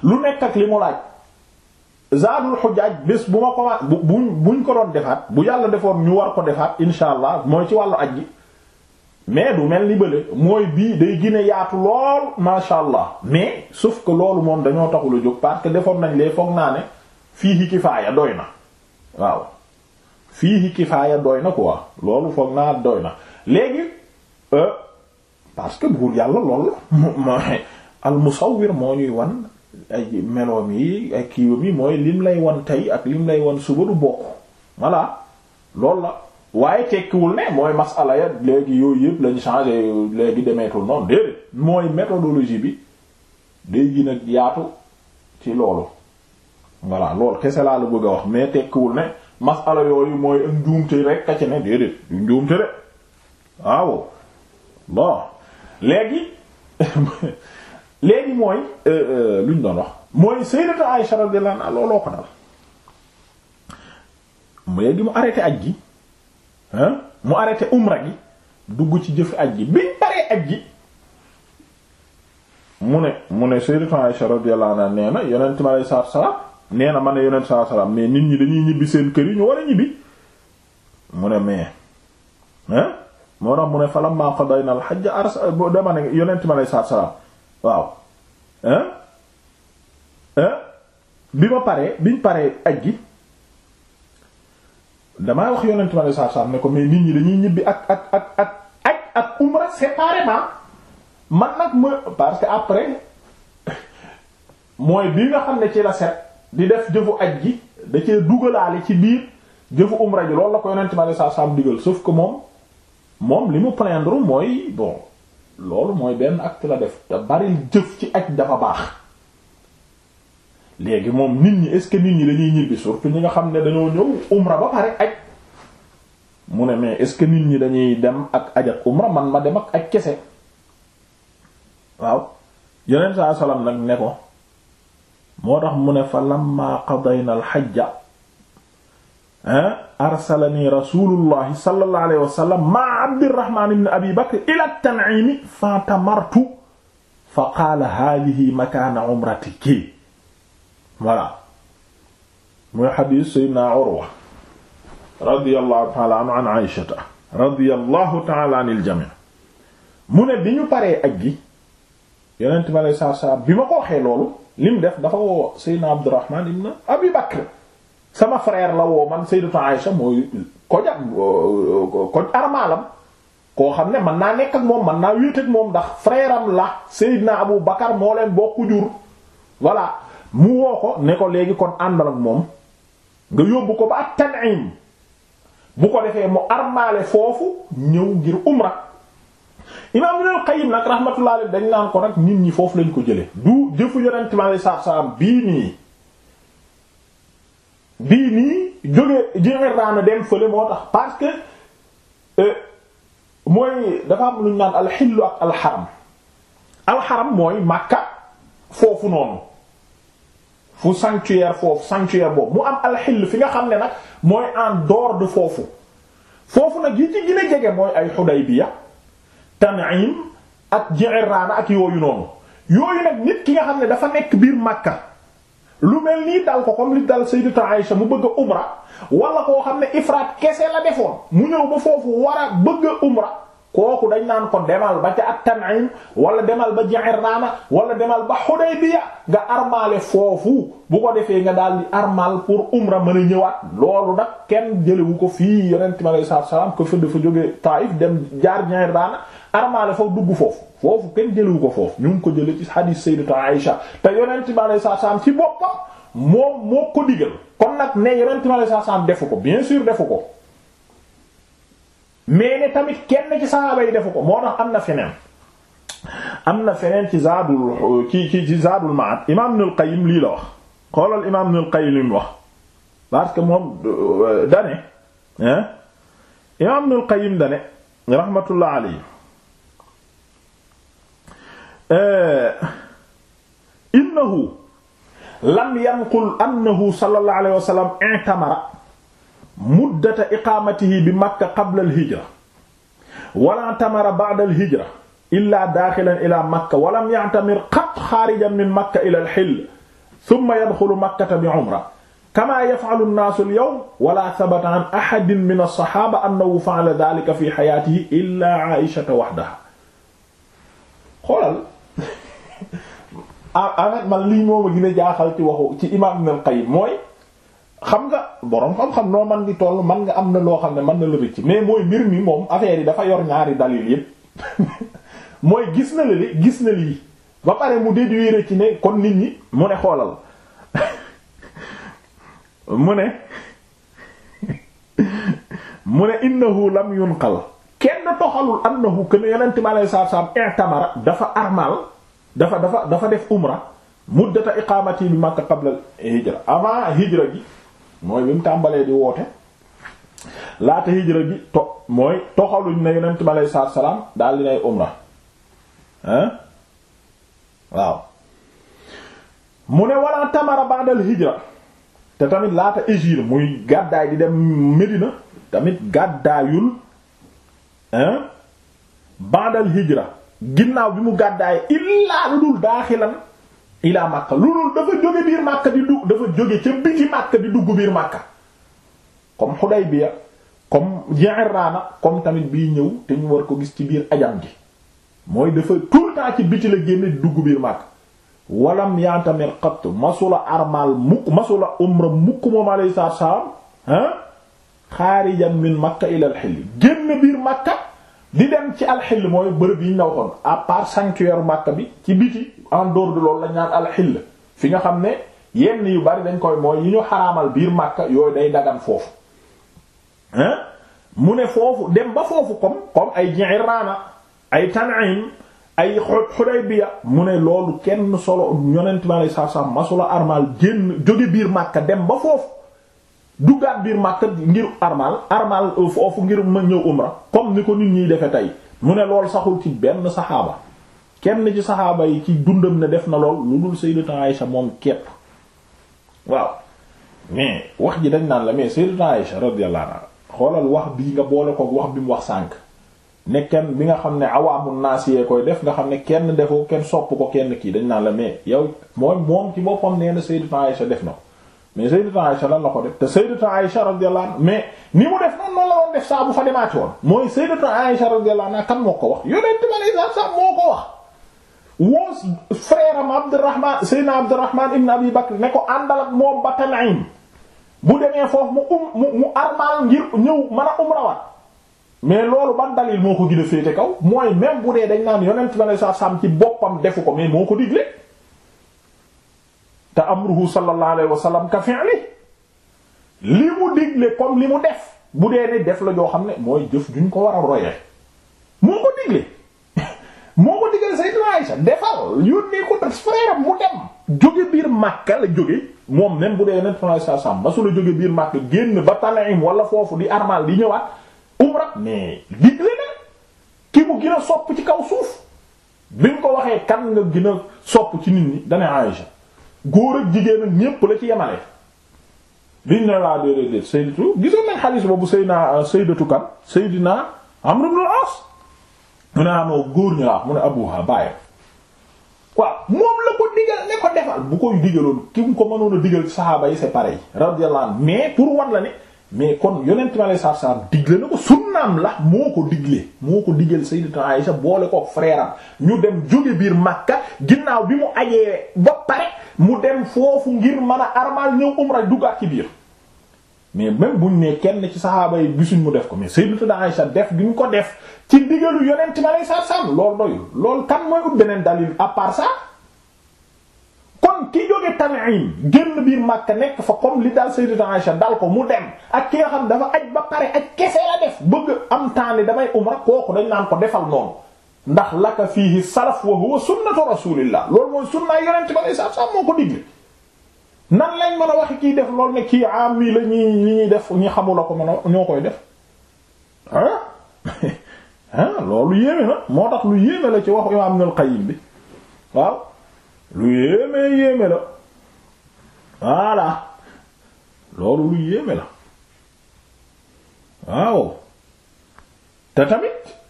S1: lu nekk ak li mu laaj zaadul xujjaaj bés bu ma ko ma bu buñ ko doon defaat bu yàlla defoon ñu war ko defaat insha allah mooy ci wàllu aj gi mais du mel ni bële mooy bii day gën a yaatu lool masha allah mais sauf que loolu moom dañoo taxul a jóg parce que defoon nañ lee foog naa ne fiihi kifaaya doy na waaw fiihi kifaaya doy na quoi loolu foog naa doy na léegi euh, parce que buur yàlla lool la al musawwir moo ñuy wan ay meloom yi ay kiiwam yi mooy lim lay wan tey ak lim lay wan suba du bokk voilà loolu la waaye tekkiwul ne mooy masala ya léegi yooyu yëpp lañ changé léegi demeetul noonu déedéet mooy méthodologie bi day gën yaatu ci loolu voilà lool kese laa la bëgg a wax mais tekkiwul ne masala yooyu mooy ak njuumte rek ka ci ne déedéet du njuumte de waaw bon léegi léegi mooy euh, euh, lu ñu doon wax mooy sayyidatu Aisha radiyallahu anha looloo ko dal léegi mu arrêté aj gi mu arrêté umra gi dugg ci jëf aj gi biñ paree aj gi mu ne mu ne sayyidatu Aisha radiyallahu anha nee na yonent mi alayhi salaatu salaam nee na ma ne yonent salaatu salaam mais nit ñi dañuy ñibbi seen kër yi ñu war a ñibbi mu ne mais hein moo tax mu ne falammaa qadayna al-hajj boo dama ne yonent mi alayhi salaatu salaam waaw hein hein bi ma paree biñ paree aj gi damaa wax yonent ma ne saab saab ne ko mais nit ñi dañuy ñibbi ak ak ak ak aj ak umra séparément man nag ma parce que après mooy bi nga xam ne ci la set di def jëfu aj gi da cee dugalaale ci biir jëfu umra ji loolu la ko yonent ma ne saab saab digal sauf que moom moom li mu plaindre mooy bon loolu mooy benn acte la def te bari jëf ci aj dafa baax léegi moom nit ñi est-ce que nit ñi dañuy ñi nga xam ne dañoo ñëw umra ba pare aj mu ne mais est-ce que nit ñi dañuy dem ak aj ak umra man ma dem ak aj kese waaw yeneen saa salaam nag ne ko moo tax mu ne fa lamma qadayna al hajja arsalani rasulullahi sallallahu alayhi wa sallam ma abdirahman ibn abi bakr ila tan'imi fatamartu fa qaala hadihi makaana umratiki voilà muy xadiis sayyidina urwa radiyallahu ta'ala anhu an aishata radiyallahu ta'ala anil jami' mu ne bi ñu paree ak gi yonent bi alayhi salaatu wa salaam bi ma ko waxee loolu lim def dafa woo sayyidina abdirahman ibn abi bakr sama frère la woo man Sayyidatu Aïsha mooy ko jam ko armaalam koo xam ne man naa nekk moom man naa wéet moom ndax frère la la naa Abu Bakar moo leen bokku jur voilà mu woo ko ne ko léegi kon àndal moom nga yóbbu ko ba ak Tan'im bu ko defee mu armaale foofu ñëw ngir umra imaam Ibnul Qayyim nag rahmatullah alayhi dañ naan ko nag nit ñi foofu lañ ko jële du jëfu yonent mi alayhi salaam bii nii bii nii jóge Jordaan dem fële moo tax parce que euh, mooy dafa am lu ñu naan alxillu ak alxaram mooy Makka foofu noonu fu sanctuaire foofu sanctuaire boobu mu am alxill fi nga xam ne nag mooy en dehors de foofu foofu nag yi ci gën a jege mooy ay Xudaybiya Tan'im ak Jiraana ak yooyu noonu yooyu nag nit ki nga xam ne dafa nekk biir Makka lu mel nii dal ko comme li dal sayyidatu Aïsha mu bëgg a umra wala koo xam ne ifraat kese la defoon mu ñëw ba foofu war a bëgg a umra kooku dañ naan ko demal ba ca at-Tan'im wala demal ba Ji'rana wala demal ba Hudaybiya nga armaale foofu bu ko defee nga daal di armal pour umra mën a ñëwaat loolu nag kenn jëlewu ko fii yonent mi alayhi salaatu wa salaam ko fa jóge Taif dem jaar Ji'rana armaale foofu dugg foofu foofu kenn jëlewu ko foofu ñu ko jële ci hadith sayyidatu Aisha te yonent bi alayhi salaam ci boppam moom moo ko digal kon nag ne yonent bi alayhi salaam ko bien sûr defu ko tamit kenn ci sahaaba yi defu ko moo tax am na feneen am na feneen ci zaadul ci ci ci zaadul ma'ad imaam Ibnul Qayyim lii la wax xoolal imaam Ibnul Qayyim wax parce que moom euh, dane imaam Ibnul Qayyim dane rahmatullah alayhi Eh, innahu lam yanqul annahu sallallahu alayhi wa sallam i'tamara muddata iqaamatihi bi makka qabla al-hijra wala i'tamara ba'da al-hijra illaa daaxilan ilaa makka walam ya'tamir qat xaarijan min makka ilaa al-hill thumma yadxulu makkata bi umra kamaa yaf'alu an-naasu al-yawm wala thabata an ahadin min as-sahaaba annahu fa'ala dhaalika fi hayaatihi illaa 'aa'ishata wahdahaa xoolal Ah, en man lii moom a gin a jaaxal ci waxu ci imaam Ibn al-Qayyim mooy xam nga boroom xam-xam noo man ngi toll man nga am na loo xam ne mën na la rëcc mais mooy mbir mi moom affaire yi dafa yor ñaari dalil yépp mooy gis na la gis na lii ba pare mu déduire ci ne kon nit ñi mu ne xoolal mu ne mu ne innahu lam yunqal kenn toxalul annahu ken yonent bi alayhi salaam i'tamara dafa armal dafa dafa dafa def umra muddata iqaamati bi Makka qabla hijra avant hijra gi mooy bi mu tàmbalee di woote laata hijra gi to mooy toxalu na yonent bi aleyhi salaatu wa salaam daal nay umra hein waaw mu ne walla tamara ba'dal hijra te tamit laata hijra muy gàddaay di dem Medina tamit gàddaayul hein ba'dal hijra ginnaaw bi mu gàddaay illaa lu dul daaxilan ilaa Makka lu dul dafa jóge biir Makka di dugg dafa jóge ca biti Makka di dugg biir Makka comme Hudaybiya comme Ji'rana comme tamit bii ñëw te ñu war ko gis ci biir ajam gi mooy dafa tout le temps ci biti la génne di dugg biir Makka walam yantamir xatt masula armal mukk masula umra mukk moom alayhi salaam ah, xaarijan min Makka ilal xilli génn biir Makka di dem ci alxill mooy bërëb yi ñu la waxoon à part sanctuaire Makka bi ci biti en dehors de loolu la ñu naan alxill fi nga xam ne yenn yu bari dañ koy mooy yi ñu xaraamal biir Makka yooyu day daggan foofu. mu ne foofu dem ba foofu comme comme ay Ji'irraana ay Tan'im ay Xudaybiya mu ne loolu kenn solo yonent bi sallallahu alayhi wasallam masula armal génn jóge biir Makka dem ba foofu. duggaat biir Makka ngir armal armal euh, foofu ngir ma ñëw umra comme ni ko nit ñuy defe tey mu ne lool saxul ci benn saxaaba kenn ci saxaaba yi ci dundam ne def na lool lu dul Sayyidatu Aïsha moom képp waaw mais wax ji dañ naan la mais Sayyidatu Aïsha radiyallahu anha xoolal wax bii nga boole ko wax bi mu wax sànk ne kenn bi nga xam ne awaamu naas yee koy def nga xam ne kenn defoo kenn sopp ko kenn kii dañ naan la mais yow mooy moom ci boppam nee na Sayyidatu Aïsha def na mais Sayyidatu Aïcha lan la ko def te Sayyidatu Aïcha radiyallahu anha mais ni mu def noonu noonu la doon def saa fa demaati woon mooy Sayyidatu Aïcha radiyallahu anha kan moo ko wax yonent bi alayhi salaam moo ko wax woo frère am Abdurrahman Sayyidina Abdurrahman ibn Abi ne ko àndal moo moom ba Tan'im bu demee foofu mu um mu armal ngir ñëw mën a umrawat mais loolu ban dalil moo ko gën a féete kaw mooy même bu dee dañ naan yonent bi alayhi salaam ci boppam defu ko mais moo ko digle te amruhu sallallahu alayhi wa sallam ka fi'li li mu digle comme li mu def bu dee ne def la joo xam ne mooy jëf duñ ko war a royee moo ko digle moo ko digal Sayyidina Aisha defal yónnee biir Makka la jóge moom bu dee ne Sayyidina Aisha ba su la jóge biir Makka génn ba Talaim wala foofu di armal di ñëwaat umra mais digle na ki mu gën sopp ci kaw suuf bi mu ko waxee kan nga gën a sopp ci nit ñi dana Aisha góor ak jigéen ñépp la ci yemale liñ ne laa déedéet déet sayyidatu gisoon nañ xadiis boobu sayyidina euh, sayyidatu kan sayyidina Amr ibn al-As mu ne anoo ah, góor ñu la wax mu ne abuha bàyyam waaw moom la ko digal ne ko defal bu koy digaloon ki mu ko mënoon a digal saxaaba yi c'est pareil radiyallahu anhu mais pour wan la ne mais kon yonent bi alei satu salaam digle na ko sunnaam la moo ko digle moo ko digal sayyidat Aisha boole ko frère am ñu dem jóge biir Makka ginnaaw bi mu ajee ba pare mu dem foofu ngir man a armal ñëw umra duggaat ci biir mais même buñ ne kenn ci saxaaba yi gisuñ mu def ko mais sayyidat Aisha def gi ñu ko def ci digalu yonent bi alei satu salaam loolu doyul loolu kan mooy ut beneen dalil à part ça kon ki jóge Tan'im génn biir Makka nekk fa comme li daal Sayyidatu Aisha dal ko mu dem ak ki nga xam dafa aj ba pare aj kese la def bëgg am taani damay umra kooku dañ naan ko defal noonu ndax laka fiihi salaf wa huwa sunnatu rasulillah loolu mooy sunna yonent ba lay saaf saaf moo ko digle nan lañ mën a wax kii def loolu ne kii am wi la ñuy ñi ñuy def ñi xamula ko mën a ñoo koy def ah ah loolu yéeme na moo tax lu yéeme la ci wax Imaam Ibnul Qayyim bi waaw lu yéeme yéeme la voilà loolu lu yéeme la waaw te tamit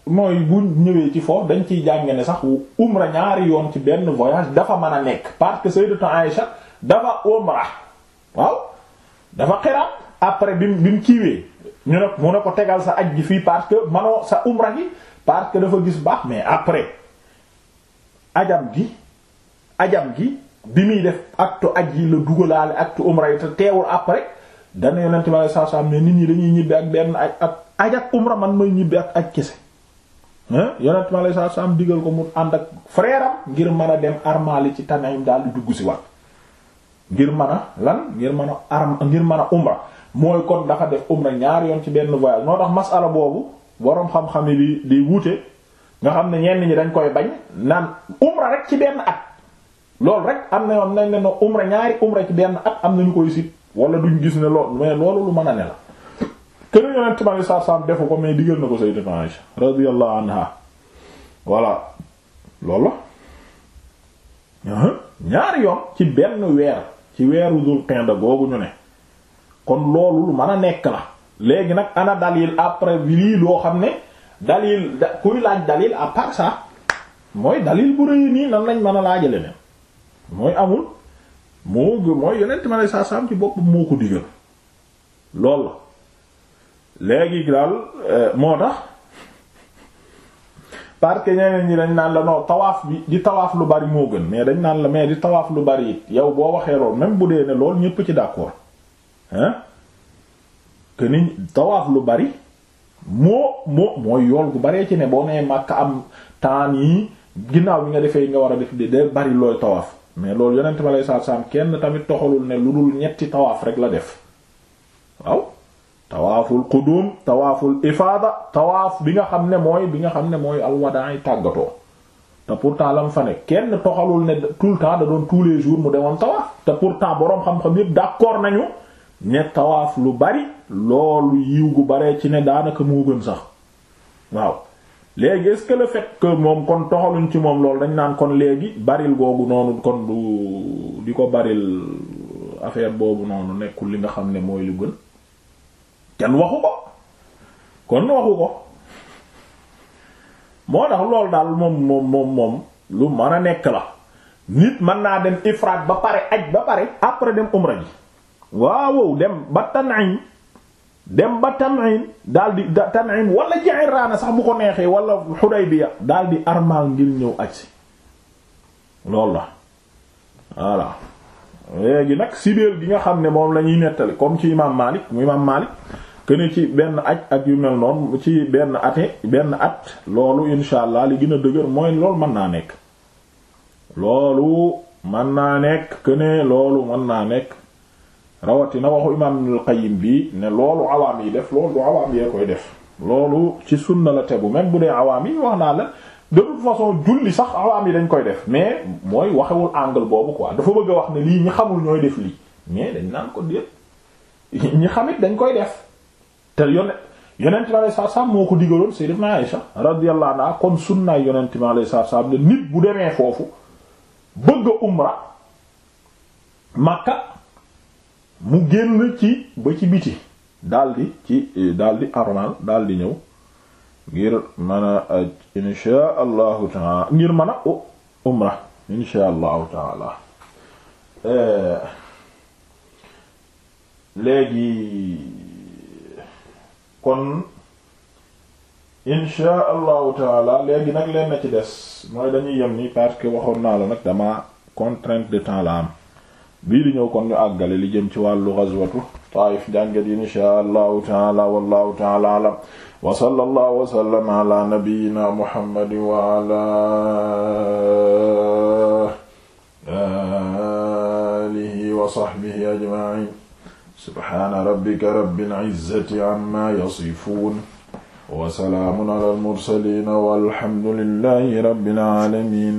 S1: mooy bu ñëwee ci foofu dañ ciy jànge ne sax umra ñaari yoon ci benn voyage dafa mën a nekk parce que Sayyidatu Aïcha dafa umra waaw dafa xiraat après bi bi mu kiiwee ñu ne mu ne ko tegal sa aj gi fii parce que manoo sa umra gi parce que dafa gis baax mais après ajam gi ajam gi bi muy def acte aj yi la dugalaale acte umra yi te teewul après dana yonent bi sallallahu alayhi wasallam ne nit ñi dañuy ñibbi ak benn aj ak aj ak umra man may ñibbi ak aj kese yonent bi sallallahu alayhi digal ko mu ànd ak frère ngir mën a dem armaali ci Tanayim daal di dugg si waat ngir mën a lan ngir mën a ngir mën a umra mooy kon dafa def umra ñaar yoon ci benn voyage noo tax masala boobu boroom xam-xam yi di di wuute nga xam ne ñenn ñi dañ koy bañ naan umra rek ci loolu rek am na yoon nañ ne no umra ñaari umra ci benn at am nañu koy sit wala duñ gis ne lool mais loolu lu mën a ne la kër yonent ma saa saam defu ko mais digal na ko Sayyidatu Aisha radiyallahu anha voilà loolu la ñaari yoon ci benn weer ci weeru Dul Qa'da googu ñu ne kon loolu lu mën a nekk la léegi nag ana dalil après lii loo xam ne dalil kuy laaj dalil à part ça mooy dalil bu rëy nii nan lañ mën a laajale ne mooy amul moo mooy yonent ma lay saa saam ci boppam moo ko digal lool la léegi daal eh, moo tax parce que ñeneen ñi dañ naan la non tawaaf bi di tawaaf lu bari moo gën mais dañ naan la mais di tawaaf lu bari it yow boo waxee lool même bu dee ne loolu ñépp ci d'accord hein que ni tawaaf lu bari moo moo mooy yool gu baree ci ne boo nee Makka am temps yi ginnaaw bi nga defee nga war a def de bari looy tawaaf. mais loolu yonent ma lay saat saam kenn tamit toxalul ne lu dul ñetti tawaaf rek la def waaw tawaaful qudum tawaaful ifaada tawaaf bi nga xam ne mooy bi nga xam ne mooy alwadaay tàggatoo te pourtant lam fa ne kenn toxalul ne tout le temps da doon tous les jours mu demoon tawaaf te pourtant boroom xam-xam yépp d'accord nañu ne tawaaf lu bari loolu yiw gu baree ci ne daanaka moo gën sax waaw léegi est moom kon toxaluñ ci moom loolu dañ naan kon léegi baril googu noonu kon du di ko baril affaire boobu noonu nekkul li nga xam ne mooy lu gën kenn waxu ko kon waxu ko moo tax loolu daal moom moom moom moom lu mën a nekk la nit mën naa dem ifraat ba pare aj ba pare après dem umra ji waaw dem ba tanañ dem ba Tan'in daal di Tan'in wala Ji'rana sax bu ko neexee wala Hudaybiya daal di armal ngir ñëw ajsi loolu la voilà léegi nag sibéer gi nga xam ne moom lañuy nettali comme ci imaam Maalik mu imaam Maalik ne ci benn aj ak yu mel noonu ci benn ate benn at loolu insha allah li gën a dëgër mooy loolu mën naa nekk loolu mën naa nekk que ne loolu mën naa nekk rawatina waxu imaam Ibnul Qayyim bi ne loolu awaam yi def loolu du awaam yee koy def loolu ci sunna la tegu même bu dee awaam yi wax naa la de toute façon julli sax awaam yi dañ koy def mais mooy waxewul angle boobu quoi dafa bëgg a wax ne lii ñi xamul ñooy def lii mais dañ naan ko déet ñi xamit dañ koy def te yone yonent bi alayhi salaatu ko digaloon Sayyidatuna Aïsha radiyallahu anha kon sunnaay yonent bi alayhi salaatu salaam ne nit bu demee foofu bëgg umra Makka mu génn ci ba ci biti daldi ci eh, daldi armal daldi ñëw ngir mën a eh, insha allahu taala ngir mën a umra insha allahu taala eh, léegi kon insha allahu taala léegi nag leen na ci des mooy dañuy yem ni parce que waxoon naa la nag dama contrainte de temps la am bii di ñëw kon ñu àggale li jëm ci wàllu ghazwatu Taayif jàngat yi inshaa allahu taala wallahu taala alam wa sallallahu wa sallama ala nabiyyina muhammadin wa ala alihi wa sahbihi ajma'in subhana rabbika rabbil izzati amma yasifun wa salaamun ala al mursalin walhamdulillahi rabbil alamin